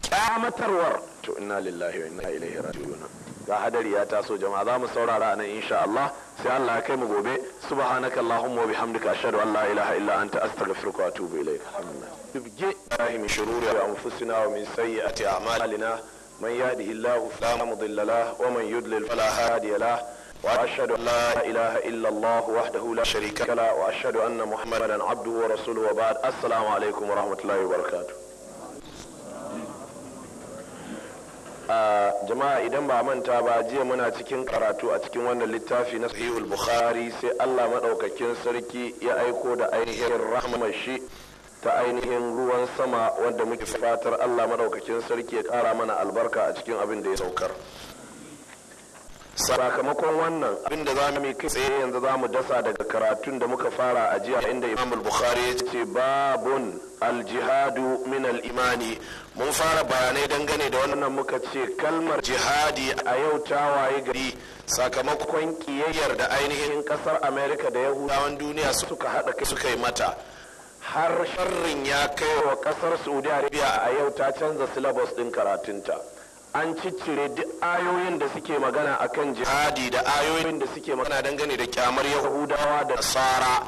kyamatarwar to inna lillahi wa inna ilaihi raji'un ga hadari ya taso jama'a za mu saurara nan insha Allah sai Allah ya kai mu gobe subhanaka allahumma wa bihamdika ashhadu an la ilaha illa anta astaghfiruka wa atubu ilayk alhamdulillah min shururi anfusina wa min sayyiati a'malina man yahdihillahu fala mudilla lahu wa man yudlil fala hadiya lahu واشهد ان لا اله الا الله وحده لا شريك له واشهد wa rasuluhu عبده ورسوله وبعد السلام عليكم ورحمه الله وبركاته jama'a idan ba manta ba jiya muna cikin karatu a cikin wannan littafi na sahihul bukhari sai allah maɗaukakin sarki ya aiko da ainihin rahama shi ta ainihin ruwan sama wanda muke fatar allah maɗaukakin sarki ya kara mana albarka a cikin abin da ya saukar sakamakon wannan abin da za mu kai tsaye yanzu za mu dasa daga karatun da muka fara a jiya inda imam al-bukhari ya ce babun al-jihadu min al-imani mun fara bayanai dangane da wannan muka ce kalmar jihadi a yau ta waye gari sakamakon kiyayyar da ainihin kasar america da yahudawan duniya suka hada kai suka yi mata har sharrin ya kai wa kasar saudi arabia a yau ta canza syllabus din karatunta an ciccire duk ayoyin da suke magana akan jihadi da ayoyin da suke magana dangane da kyamar yahudawa da nasara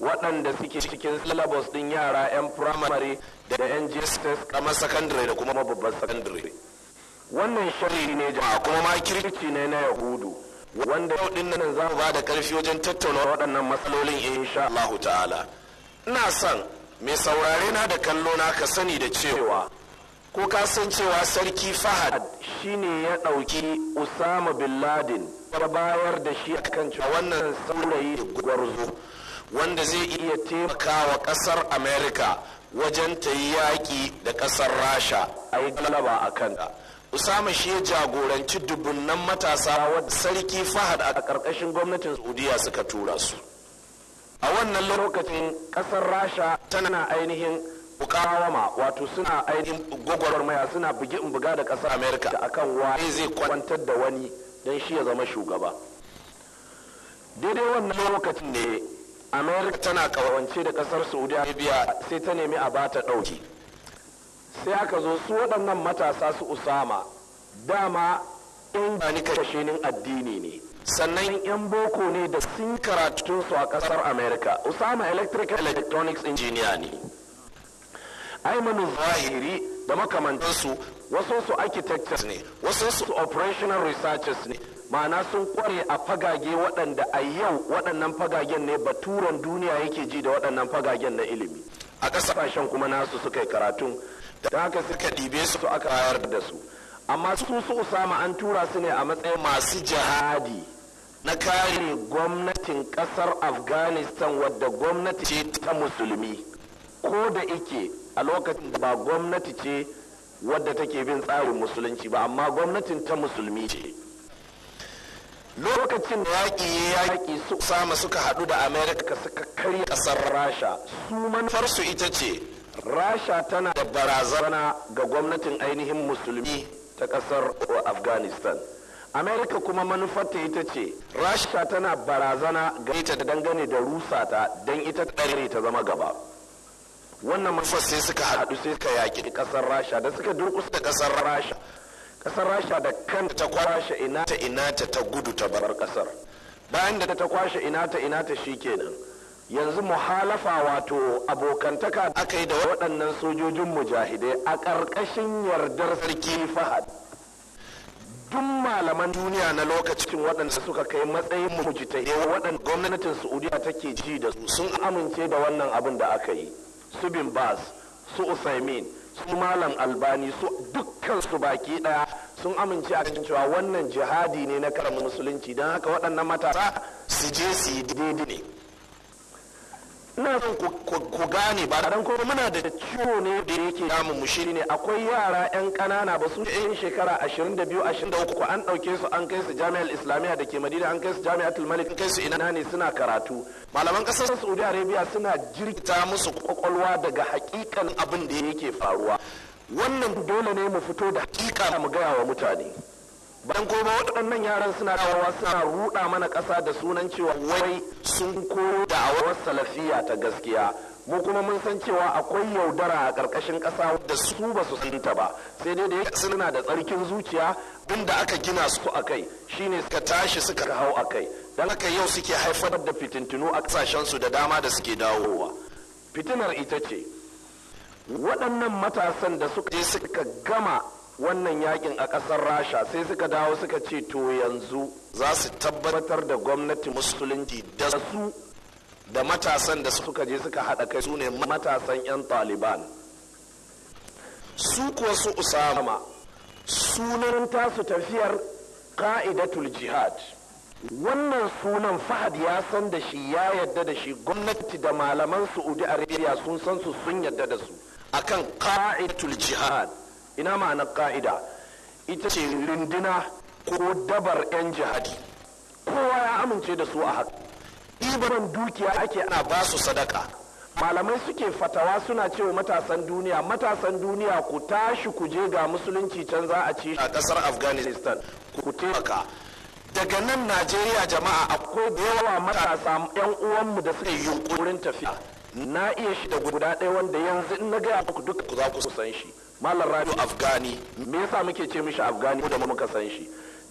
waɗanda suke cikin syllabus ɗin yara 'yan firamare da 'yan jss kamar sakandare da kuma babban sakandare wannan shari'i ne jama'a kuma ma kirkici ne na yahudu wanda yau din nan za mu ba da karfi wajen tattauna waɗannan matsalolin insha Allah ta'ala ina son mai saurare na da kallo na ka sani da cewa ko ka san cewa sarki fahad shine ya ɗauki usama bin ladin ta bayar da shi akan cewa wannan saurayi gwarzo wanda zai iya taimakawa ƙasar america wajen ta yi yaƙi da ƙasar rasha a yi galaba a kanta usama shi ya jagoranci dubunnan matasa wadda sarki fahad a ƙarƙashin gwamnatin saudiya suka tura su a wannan lokacin ƙasar rasha tana ainihin mukawama wato suna ainihin maya suna bugi in buga da ƙasar amerika akan waye zai kwantar da wani don shi ya zama shugaba daidai wannan lokacin ne amerika tana kawance da ƙasar saudi arabia sai ta nemi a bata ɗauki sai aka zo su waɗannan matasa su usama dama in ba ni kashenin addini ne sannan yan boko ne da sun su a ƙasar amerika usama electrical electronics engineer ne aimanin zahiri da makamantansu wasu su architects ne wasu su operational researchers ne ma'ana sun kware a fagage waɗanda a yau waɗannan fagagen ne baturan duniya yake ji da waɗannan fagagen na ilimi a ƙasashen kuma nasu suka yi karatun da haka suka ɗibe su aka rayar da su amma su su usama an tura su ne a matsayin masu jihadi na kare gwamnatin ƙasar afghanistan wadda gwamnati ce ta musulmi ko da ike a lokacin da ba gwamnati ce wadda take bin tsarin musulunci ba amma gwamnatin ta musulmi ce lokacin da yaƙi ya yaƙi su sama suka haɗu da amerika suka karya ƙasar rasha su manufarsu ita ce rasha tana da barazana ga gwamnatin ainihin musulmi ta ƙasar afghanistan amerika kuma manufarta ita ce rasha tana barazana ga ita dangane da ta, don ita ta zama gaba wannan manufar sai suka haɗu sai suka yaƙi ƙasar rasha da suka durƙusa ƙasar rasha ƙasar rasha da kanta ta kwashe ina ta ina ta ta gudu ta barar ƙasar bayan da ta kwashe ina ta ina ta kenan yanzu muhalafa wato abokantaka da aka yi da waɗannan sojojin mujahidai a ƙarƙashin yardar sarki fahad duk malaman duniya na lokacin waɗanda suka kai matsayin mujtahidai waɗanda gwamnatin saudiya take ji da su sun amince da wannan abin da aka yi su bin bas su usaimin su malam albani su dukkan su baki daya sun amince a cikin cewa wannan jihadi ne na karamin musulunci don haka waɗannan matasa su je su yi daidai ne ina son ku gane ba dan kuma muna da ciwo ne da yake damu mu shi ne akwai yara yan kanana ba su yin shekara 22 23 an dauke su an kai su jami'ar islamiyya da ke madina an kai su jami'atul malik kai su ina ne suna karatu malaman kasar saudi arabia suna jirkita musu kwakwalwa daga hakikan abin da yake faruwa wannan dole ne mu fito da hakika mu gaya wa mutane bayan kuma waɗannan yaran suna dawowa suna ruɗa mana ƙasa da sunan cewa wai sun koyo awar salafiya ta gaskiya mu kuma mun san cewa akwai yaudara a ƙarƙashin ƙasa da su ba su santa ba sai dai da suna da tsarkin zuciya inda aka gina su a kai shine suka tashi suka hau a kai don haka yau suke haifar da fitintunu a su da dama da suke dawowa fitinar ita ce waɗannan matasan da suka je suka gama wannan yakin a ƙasar rasha sai suka dawo suka ce to yanzu za su tabbatar da gwamnati musulunci da su da matasan da suka je suka haɗa kai su ne matasan 'yan taliban su kuwa su usama sunan tasu tafiyar ka'idatul jihad wannan sunan fahad ya san da shi ya yadda da shi gwamnati da malaman saudi arabia sun san su sun yadda da su akan ka'idatul jihad ina ma'anar ka'ida ita ce rindina ko dabar 'yan jihadi kowa ya amince da su a haka ibaran dukiya ake ana ba su sadaka malamai suke fatawa suna cewa matasan duniya matasan duniya ku tashi ku je ga musulunci can za a ci a kasar afghanistan ku taimaka daga nan najeriya jama'a akwai da yawa matasa yan uwanmu da suke yunkurin tafiya na iya shi da guda ɗaya wanda yanzu in na gaya muku duka ku za ku san shi malam rabi afghani me yasa muke ce mishi afghani ko da muka san shi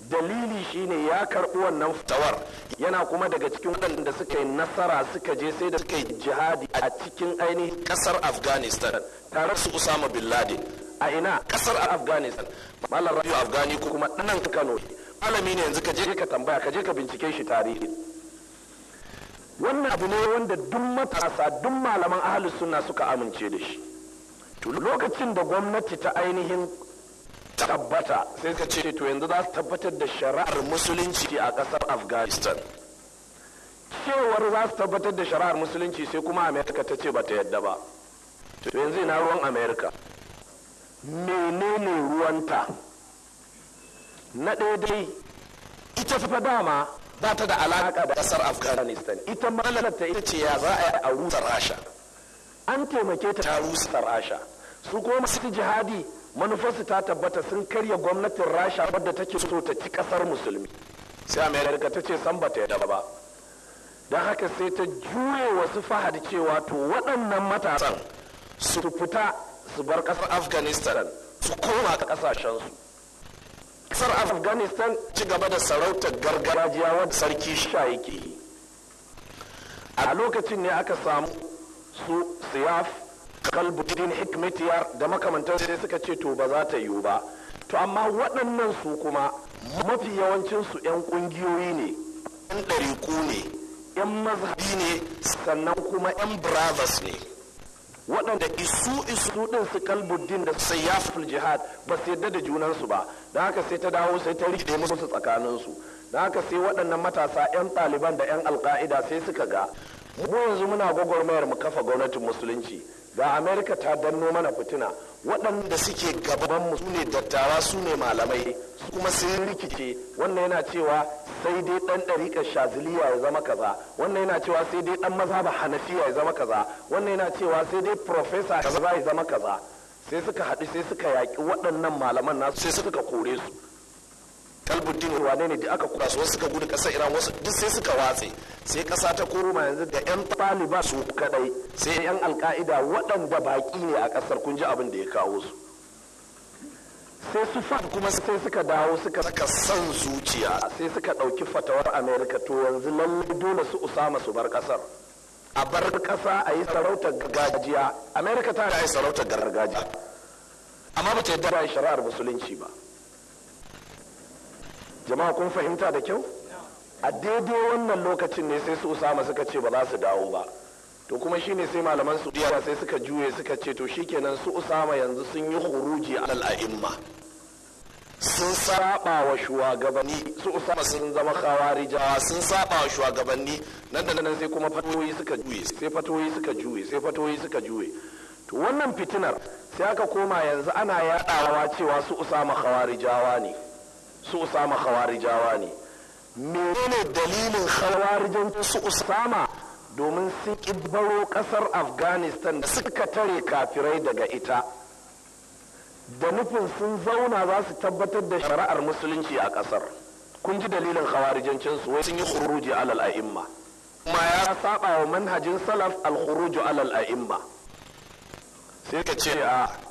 dalili shine ya karɓi wannan tawar yana kuma daga cikin waɗanda suka yi nasara suka je sai da suka yi jihadi a cikin ainihin ƙasar afghanistan tare su usama bin laden a ina ƙasar afghanistan malam rabi afghani ko kuma ɗanan kano malami ne yanzu ka je ka tambaya ka je ka bincike shi tarihi wannan abu ne wanda duk matasa duk malaman ahalus sunna suka amince da shi to lokacin da gwamnati ta ainihin tabbata sai ka ce to yanzu za su tabbatar da shari'ar musulunci a ƙasar afghanistan cewar za su tabbatar da shari'ar musulunci sai kuma amerika ta ce ba ta yadda ba to yanzu ina ruwan amerika menene ruwanta na daidai ita fa dama ba ta da alaƙa da ƙasar afghanistan ita malalata ita ce ya za a yi a rusa rasha an taimake ta ta rusa rasha su kuma masu jihadi manufarsu ta tabbata sun karya gwamnatin rasha wadda take so ta ci kasar musulmi sai amerika ta ce san bata yadda ba don haka sai ta juye wasu fahad cewa to waɗannan matasan su fita su bar kasar afghanistan su koma kasashen su. kasar afghanistan ci gaba da sarautar gargajiya wadda sarki sha yake a lokacin ne aka samu su siyaf din hikmatiyar da makamantar sai suka ce to ba za ta yiwu ba to amma waɗannan su kuma mafi yawancinsu 'yan ƙungiyoyi ne 'yan ɗariku ne 'yan mazhabi ne sannan kuma 'yan brothers ne waɗanda isu isu ɗin su din da sai ya jihad ba su yadda da junansu ba da haka sai ta dawo sai ta rike musu tsakaninsu da haka sai waɗannan matasa 'yan ɗaliban da 'yan alka'ida sai suka ga mu yanzu muna gwagwarmayar mu kafa gwamnatin musulunci ga amerika ta danno mana fitina waɗanda suke gabanmu su ne dattawa su ne malamai su kuma sun rikice wannan yana cewa sai dai ɗan ɗariƙar shaziliya ya zama kaza wannan yana cewa sai dai ɗan ba hanafiya ya zama kaza wannan yana cewa sai dai profesa kaza ya zama kaza sai suka haɗu sai suka yaƙi waɗannan malaman nasu sai suka kore su talbuddin wane ne da aka kura su suka gudu kasar iran wasu duk sai suka watse sai kasa ta koruma yanzu da yan taliban su kadai sai yan alka'ida waɗanda baƙi ne a kasar kun ji abin da ya kawo su sai su fa kuma sai suka dawo suka saka san zuciya sai suka ɗauki fatawar america to yanzu lallai dole su usama su bar kasar a bar kasa a yi sarautar gargajiya america ta yi sarautar gargajiya amma ba ta yarda shari'ar musulunci ba jama'a kun fahimta da kyau a daidai wannan lokacin ne sai su usama suka ce ba za su dawo ba to kuma shine sai malaman saudiya sai suka juye suka ce to shikenan su usama yanzu sun yi huruji alal a'imma sun saba wa shugabanni su usama sun zama khawarija sun saba wa shugabanni nan da nan sai kuma fatoyi suka juye sai fatoyi suka juye sai fatoyi suka juye to wannan fitinar sai aka koma yanzu ana yadawa cewa su usama khawarijawa ne su usama khawarijawa ne menene dalilin khawarijan su usama domin su baro kasar afghanistan da suka tare kafirai daga ita da nufin sun zauna za su tabbatar da shari'ar musulunci a kasar kun ji dalilin khawarijancin su sun yi khuruji alal a'imma kuma ya saba wa manhajin salaf al khuruju alal a'imma sai ka ce a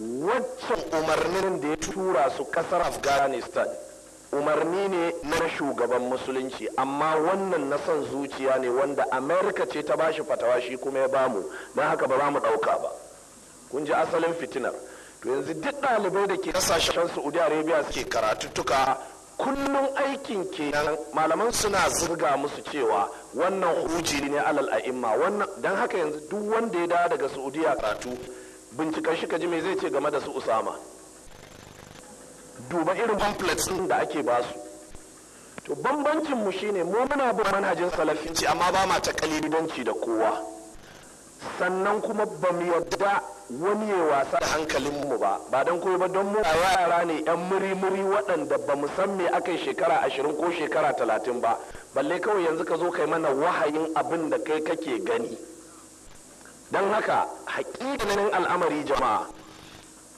waccan umarnin da ya tura su kasar afghanistan umarni ne na shugaban musulunci amma wannan na son zuciya ne wanda amerika ce ta bashi fatawa shi kuma ya bamu don haka ba za mu ɗauka ba kun ji asalin fitinar to yanzu duk ɗalibai da ke kasashen saudi arabia suke karatuttuka kullum aikin kenan malaman suna zirga musu cewa wannan huji ne alal a'imma don haka yanzu duk wanda ya dawo daga saudiya karatu bincika shi ka ji me zai ce game da su usama duba irin pamphlets din da ake ba su to bambancin mu shine mu muna bin manhajin salafinci amma ba ma ta kalibidanci da kowa sannan kuma ba mu yadda wani ya wasa da hankalin mu ba ba don koyi ba don mu yara ne yan muri-muri waɗanda ba mu san me akai shekara ashirin ko shekara talatin ba balle kawai yanzu ka zo kai mana wahayin abin da kai kake gani don haka haƙiƙanin al'amari jama'a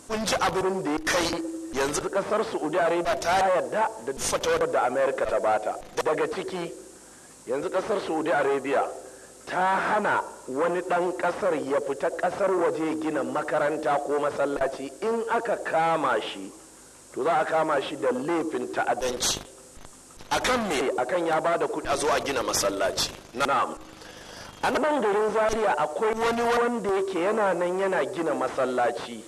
kun ji abin da ya kai yanzu kasar saudi arabia ta yarda da fatawar da america ta bata daga ciki yanzu kasar saudi arabia ta hana wani ɗan ƙasar ya fita ƙasar waje gina makaranta ko masallaci in aka kama shi to za a kama shi da laifin ta'adanci akan me akan ya bada kuɗi a zo a gina masallaci na'am a nan garin zaria akwai wani wanda yake yana nan yana gina masallaci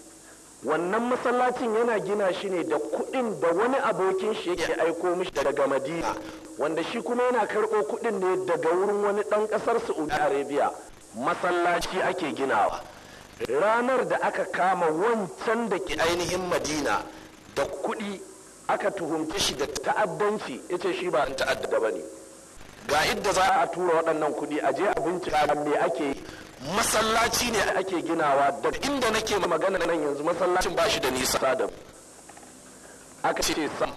wannan masallacin yana gina shi ne da kuɗin da wani abokin shi yake aiko mishi daga madina wanda shi kuma yana karɓo kuɗin ne daga wurin wani ɗan ƙasar saudi arabia masallaci ake ginawa ranar da aka kama wancan da ke ainihin madina da kuɗi aka tuhumci shi da ta'addanci ya shi ba an ta'adda ba ne ga idda za a tura waɗannan kuɗi a je a bincika me ake masallaci ne ake ginawa da inda nake magana nan yanzu masallacin ba shi da nisa da aka ce sam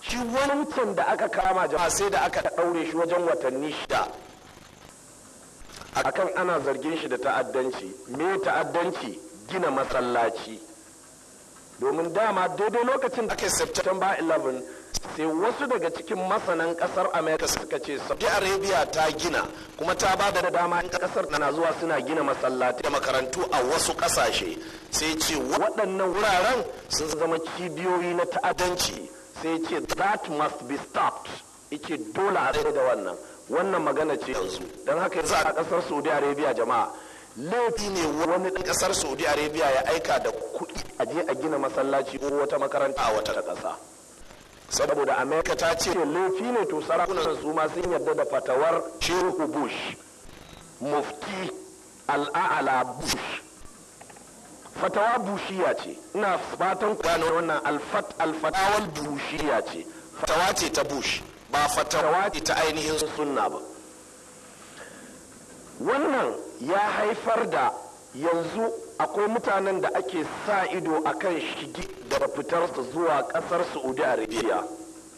shi wancan da aka kama jama'a sai da aka ɗaure shi wajen watanni shida kan ana zargin shi da ta'addanci me ta'addanci gina masallaci domin dama daidai lokacin da aka yi september 11 sai wasu daga cikin masanan kasar america suka ce saudi arabia ta gina kuma ta ba da dama ta kasar na zuwa suna gina masallatai da makarantu a wasu kasashe sai ce waɗannan wuraren sun zama cibiyoyi na ta'addanci sai ce that must be stopped ike dole a da wannan wannan magana ce yanzu don haka yanzu a kasar saudi arabia jama'a laifi ne wani ɗan kasar saudi arabia ya aika da kuɗi a je a gina masallaci ko wata makaranta a wata ƙasa saboda amerika ta ce laifi ne to sarakunan su ma sun yarda da fatawar shehu bush mufti al'a'ala bush fatawa bushiya ce ina fatan kwanar wannan alfatawar bushiya ce fatawa ce ta bush ba fatawa ce ta ainihin sunna ba wannan ya haifar da yanzu akwai mutanen da ake sa ido a kan shigi da su zuwa kasar saudi arabia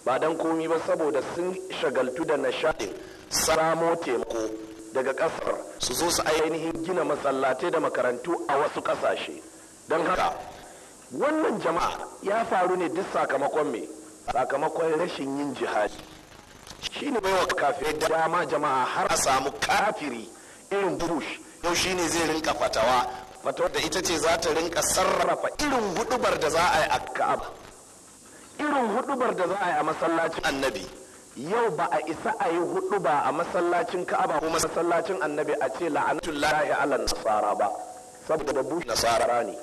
ba don komi ba saboda sun shagaltu da nashadin samo taimako daga kasar su zo su ainihin gina masallatai da makarantu a wasu kasashe don haka wannan jama'a ya faru ne duk sakamakon me sakamakon rashin yin jihadi shi ne baiwa kafirai dama jama'a har a samu kafiri irin bush yau shine zai rinka fatawa fatawar da ita ce za ta rinka sarrafa irin hudubar da za a yi a ka'aba irin hudubar da za a yi a masallacin annabi yau ba a isa a yi huduba a masallacin ka'aba ko masallacin annabi a ce la'anatullahi ala nasara ba saboda bushe nasara ne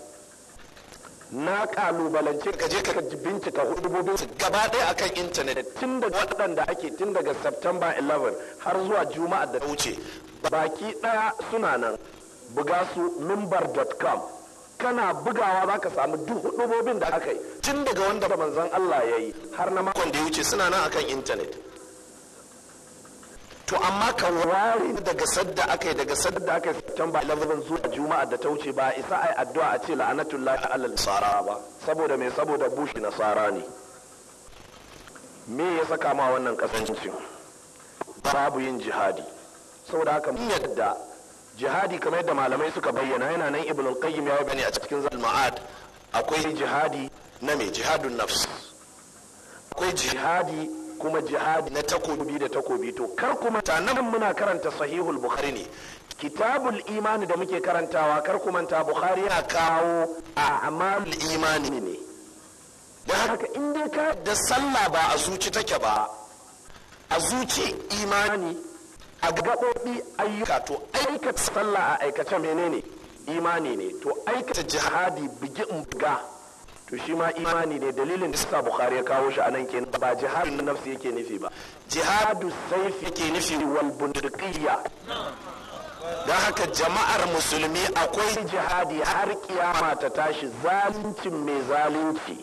na kalubalance ka je ka bincika hudubobin su gaba ɗaya akan intanet tun daga waɗanda ake tun daga september 11 har zuwa juma'a da ta wuce baki ɗaya suna nan buga su mimbar.com kana bugawa za ka samu duk hudubobin da aka yi tun daga wanda manzon Allah ya yi har na makon da ya wuce suna nan akan intanet to amma ka wari daga sadda aka yi daga sadda aka yi September 11 zuwa Juma'a da ta wuce ba isa ai addu'a a ce la'anatullahi ala nasara ba saboda me saboda bushi nasara ne me ya saka ma wannan kasancin babu yin jihadi saboda haka mun yadda jihadi kamar yadda malamai suka bayyana yana nan ibn al-qayyim ya bane a cikin zalma'at akwai jihadi na mai jihadun nafs akwai jihadi kuma jihadi na takobi da takobi to kar kuma tanan muna karanta sahihul bukhari ne kitabul imani da muke karantawa kar kuma manta bukhari ya kawo a amalul imani ne da haka in dai ka da sallah ba a zuci take ba a zuci imani a gaɓoɓi ayyuka to aikata sallah a aikace menene imani ne to aikata jihadi bugi in buga to shi ma imani ne dalilin da suka bukari ya kawo shi nan kenan ba na nafsi yake nufi ba jihadu saifi yake nufi wal bunduqiyya don haka jama'ar musulmi akwai jihadi har kiyama ta tashi zalincin mai zalunci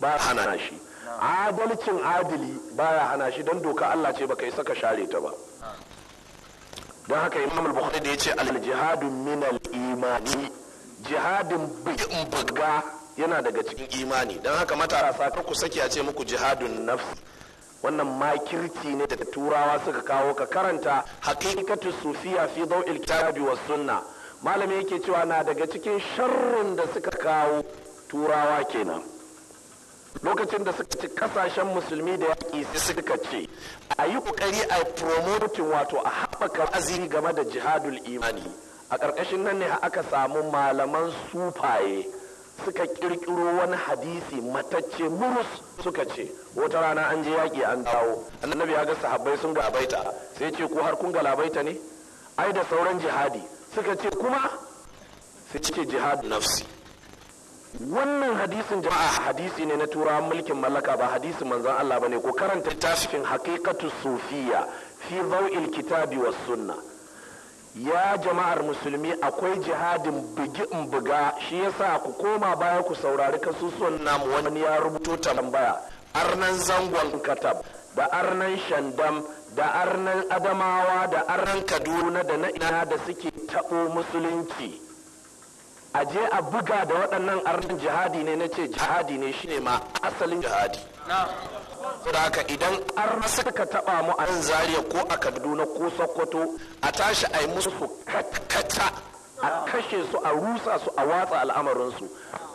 ba hana shi adalcin adili ba hana shi don doka Allah ce baka isa ka share ta ba don haka imam al-bukhari da yace al-jihadu min al-imani jihadin buga yana daga cikin imani don haka matasa ka ku saki a ce muku jihadun nafs wannan makirci ne da turawa suka kawo ka karanta haqiqatu sufiya fi daw'il kitabi was sunna malami yake cewa na daga cikin sharrin da suka kawo turawa kenan lokacin da suka ci kasashen musulmi da yaƙi sai suka ce a yi ƙoƙari a promoting wato a haɓaka aziri game da jihadul imani a ƙarƙashin nan ne aka samu malaman sufaye suka ƙirƙiro wani hadisi matacce murus suka ce wata rana an je yaƙi an dawo annabi ya ga sahabbai sun galabaita sai ce ko har kun galabaita ne ai da sauran jihadi suka ce kuma sai cike jihad nafsi wannan hadisin jama'a hadisi ne na turawan mulkin mallaka ba hadisin manzon Allah bane ko karanta tasirin haqiqatu sufiya fi dawil kitabi was sunna ya jama'ar musulmi akwai jihadin bugi in buga shi yasa ku koma baya ku saurari kasusuwan namu wani ya rubuto tambaya arnan zangon katab da arnan shandam da arnan adamawa da arnan kaduna da na ina da suke taɓo musulunci a je a buga da waɗannan arnin jihadi ne na ce jihadi ne shine ma asalin jihadi da haka idan an suka taɓa mu a nan zaria ko a kaduna ko sokoto a tashi a yi musu kakata a kashe su a rusa su a watsa al'amarinsu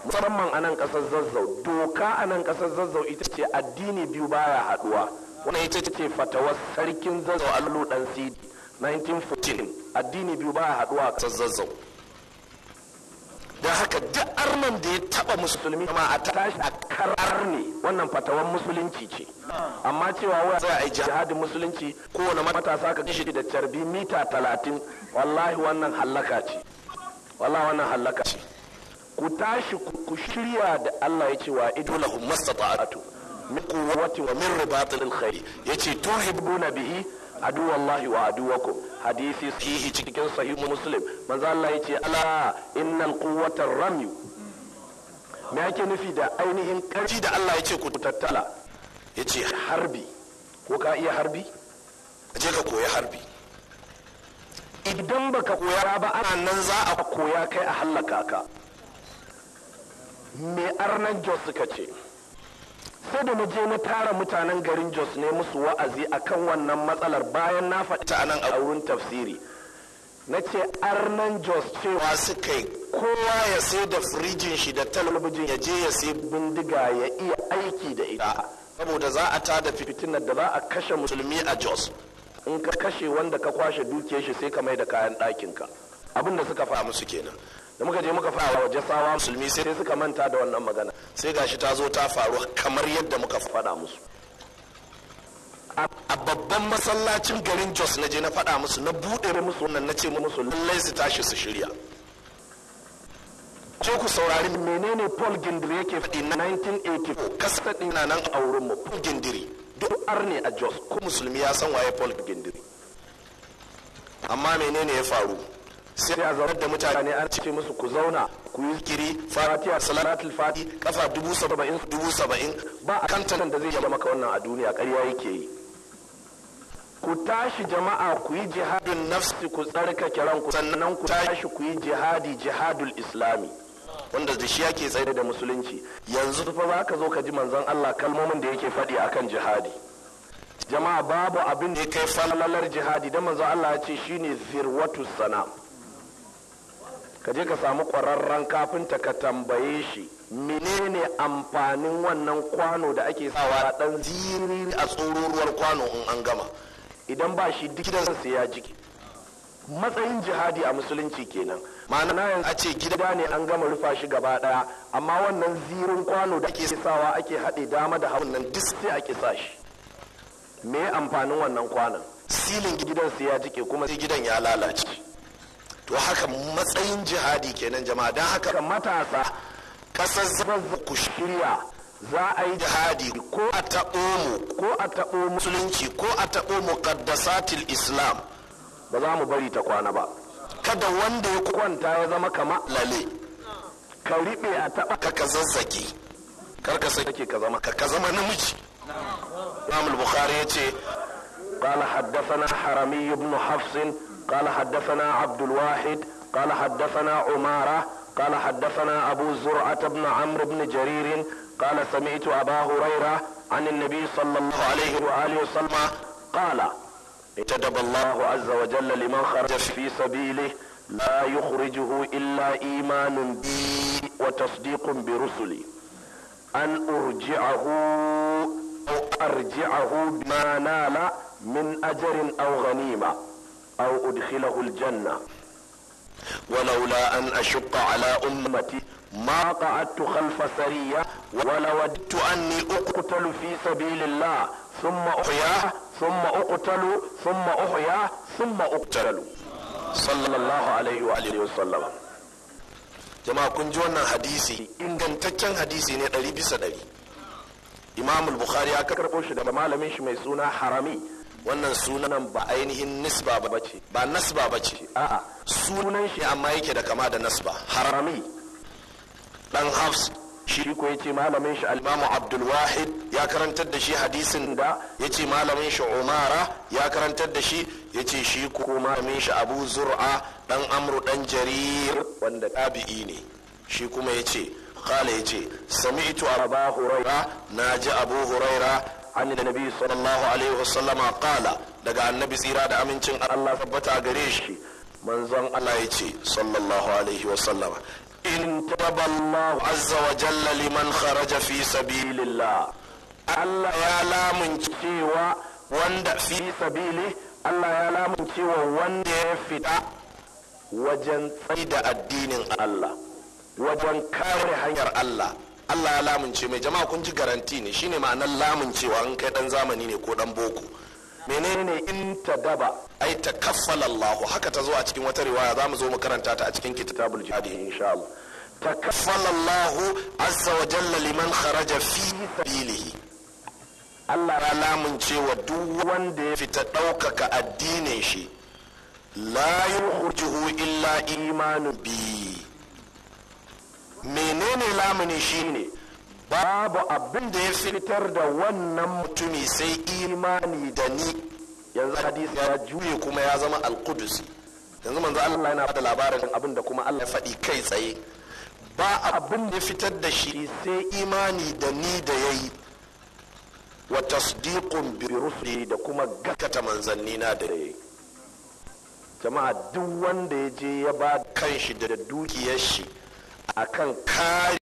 musamman a nan ƙasar zazzau doka a nan ƙasar zazzau ita ce addini biyu baya haɗuwa wannan ita ce fatawar sarkin zazzau allo dan sidi 1914 addini biyu baya haɗuwa a ƙasar zazzau da haka duk arman da ya taba musulmi ma a tashi a karar ne wannan fatawan musulunci ce amma cewa waya za a yi jihadin musulunci kowane matasa ka shi da carbi mita talatin wallahi wannan hallaka ce wallahi wannan hallaka ce ku tashi ku shirya da Allah ya ce wa idolahum mastata'atu min quwwati wa min ribatil khair yace tuhibbuna bihi aduwallahi wa aduwakum hadisi sahihi cikin sahihu muslim manzo Allah yace ala innal quwwata ar-ramy me yake nufi da ainihin karfi da Allah yace ku tattala yace harbi ko ka iya harbi je ka koyi harbi idan baka koya ba ana nan za a koya kai a hallaka ka me arnan jos suka ce sai da je na tara mutanen garin jos ne musu wa'azi akan wannan matsalar bayan na faɗi ta nan a wurin tafsiri na ce arnan jos cewa suka yi kowa ya sai da firijin shi da talabijin ya je ya sai bindiga ya iya aiki da ita saboda za a ta da fitinar da za a kashe musulmi a jos in ka kashe wanda ka kwashe dukiyar shi sai ka mai da kayan ɗakinka abin da suka famu musu kenan da muka je muka fara waje sawa musulmi sai suka manta da wannan magana sai gashi ta zo ta faru kamar yadda muka faɗa musu a babban masallacin garin jos na je na faɗa musu na buɗe musu wannan na ce musu lallai su tashi su shirya ce ku saurari menene paul gindiri yake faɗi na 1984 kasa na nan a wurin mu paul gindiri duk ne a jos ko musulmi ya san waye paul gindiri amma menene ya faru sai a zaunar da mutane an cike musu ku zauna ku yi kiri fatiha salatul fati kafa dubu saba'in dubu saba'in ba a kantan da zai zama maka wannan a duniya ƙarya yake yi ku tashi jama'a ku yi jihadin nafsi ku kiran ku sannan ku tashi ku yi jihadi jihadul islami wanda da shi yake tsaye da musulunci yanzu fa za ka zo ka ji manzon Allah kalmomin da yake faɗi akan jihadi jama'a babu abin da ya kai falalar jihadi da manzon Allah ya ce shine zirwatu sanam ka je ka samu ƙwararren kafinta ka tambaye shi menene amfanin wannan kwano da ake sawa dan ziriri a tsororuwar kwano in an gama idan ba shi duk sai ya jiki matsayin jihadi a musulunci kenan ma'ana yanzu a ce gida ne an gama rufa shi gaba ɗaya. amma wannan zirin kwano da ake sawa ake haɗe dama da hawan nan duk sai ake sa shi me amfanin wannan kwanon silin gidan sai ya jike kuma sai gidan ya lalace to haka matsayin jihadi kenan jama'a don haka matasa kasar zama ku shirya za a yi jihadi ko a taɓo mu ko a taɓo musulunci ko a taɓo muqaddasatil islam ba za mu bari ta kwana ba kada wanda ya kwanta ya zama kama lale ka riɓe a taɓa ka ka zazzaki kar ka sake ka zama ka ka zama namiji Imam Bukhari ya ce قال حدثنا حرمي بن حفص قال حدثنا عبد الواحد قال حدثنا عمارة قال حدثنا أبو زرعة بن عمرو بن جرير قال سمعت أبا هريرة عن النبي صلى الله عليه وآله وسلم قال كتب الله عز وجل لمن خرج في سبيله لا يخرجه إلا إيمان بي وتصديق برسلي أن أرجعه أو أرجعه بما نال من أجر أو غنيمة أو أدخله الجنة ولولا أن أشق على أمتي ما قعدت خلف سرية ولودت أني أقتل في سبيل الله ثم أحيا ثم أقتل ثم أحيا ثم أقتل صلى الله عليه وآله وسلم jama'a kun ji wannan hadisi ingantaccen hadisi ne ɗari bisa ɗari imamul bukhari ya karɓo shi daga malamin shi mai suna harami wannan sunan ba ainihin nisba ba ce ba nasba ba ce a'a sunan shi amma yake da kama da nasba harami dan hafs shi ko yace malamin shi al-Imam Abdul ya karantar da shi hadisin da yace malamin shi Umara ya karantar da shi yace shi ko malamin shi Abu Zur'a dan Amru dan Jarir wanda tabi'i ne shi kuma yace qala yace sami'tu Abu Na ji Abu Huraira. an da nabi sallallahu alaihi wasallama qala daga annabi tsira da amincin Allah tabbata gare shi manzon Allah ya ce sallallahu alaihi wasallama in taba Allah azza wa jalla liman kharaja fi sabilillah Allah ya lamun cewa wanda fi sabili Allah ya lamun cewa wanda ya fita wajen tsaida addinin Allah wajen kare hanyar Allah allah ya lamunce mai jama'a kun ji garanti ne shine ma'anar lamuncewa in kai dan zamani ne ko dan boko menene in ta daba ai ta kaffala Allah haka ta zo a cikin wata riwaya za mu zo mu karanta ta a cikin kitabul jihad insha allah ta kaffala Allah azza wa jalla liman kharaja fi sabilihi allah ya lamunce wa duk wanda ya fita ɗaukaka addinin shi la yukhrijuhu illa imanu bi menene lamuni shine babu abin da ya fitar da wannan mutumi sai imani da ni yanzu hadisi ya juye kuma ya zama alqudus. yanzu manzo Allah yana bada labarin abin da kuma Allah ya faɗi kai tsaye ba abin da ya fitar da shi sai imani da ni da yayi wa tasdiqun bi rusuli da kuma gakata manzanni na da yayi jama'a duk wanda ya je ya ba kanshi da dukiyar shi a kare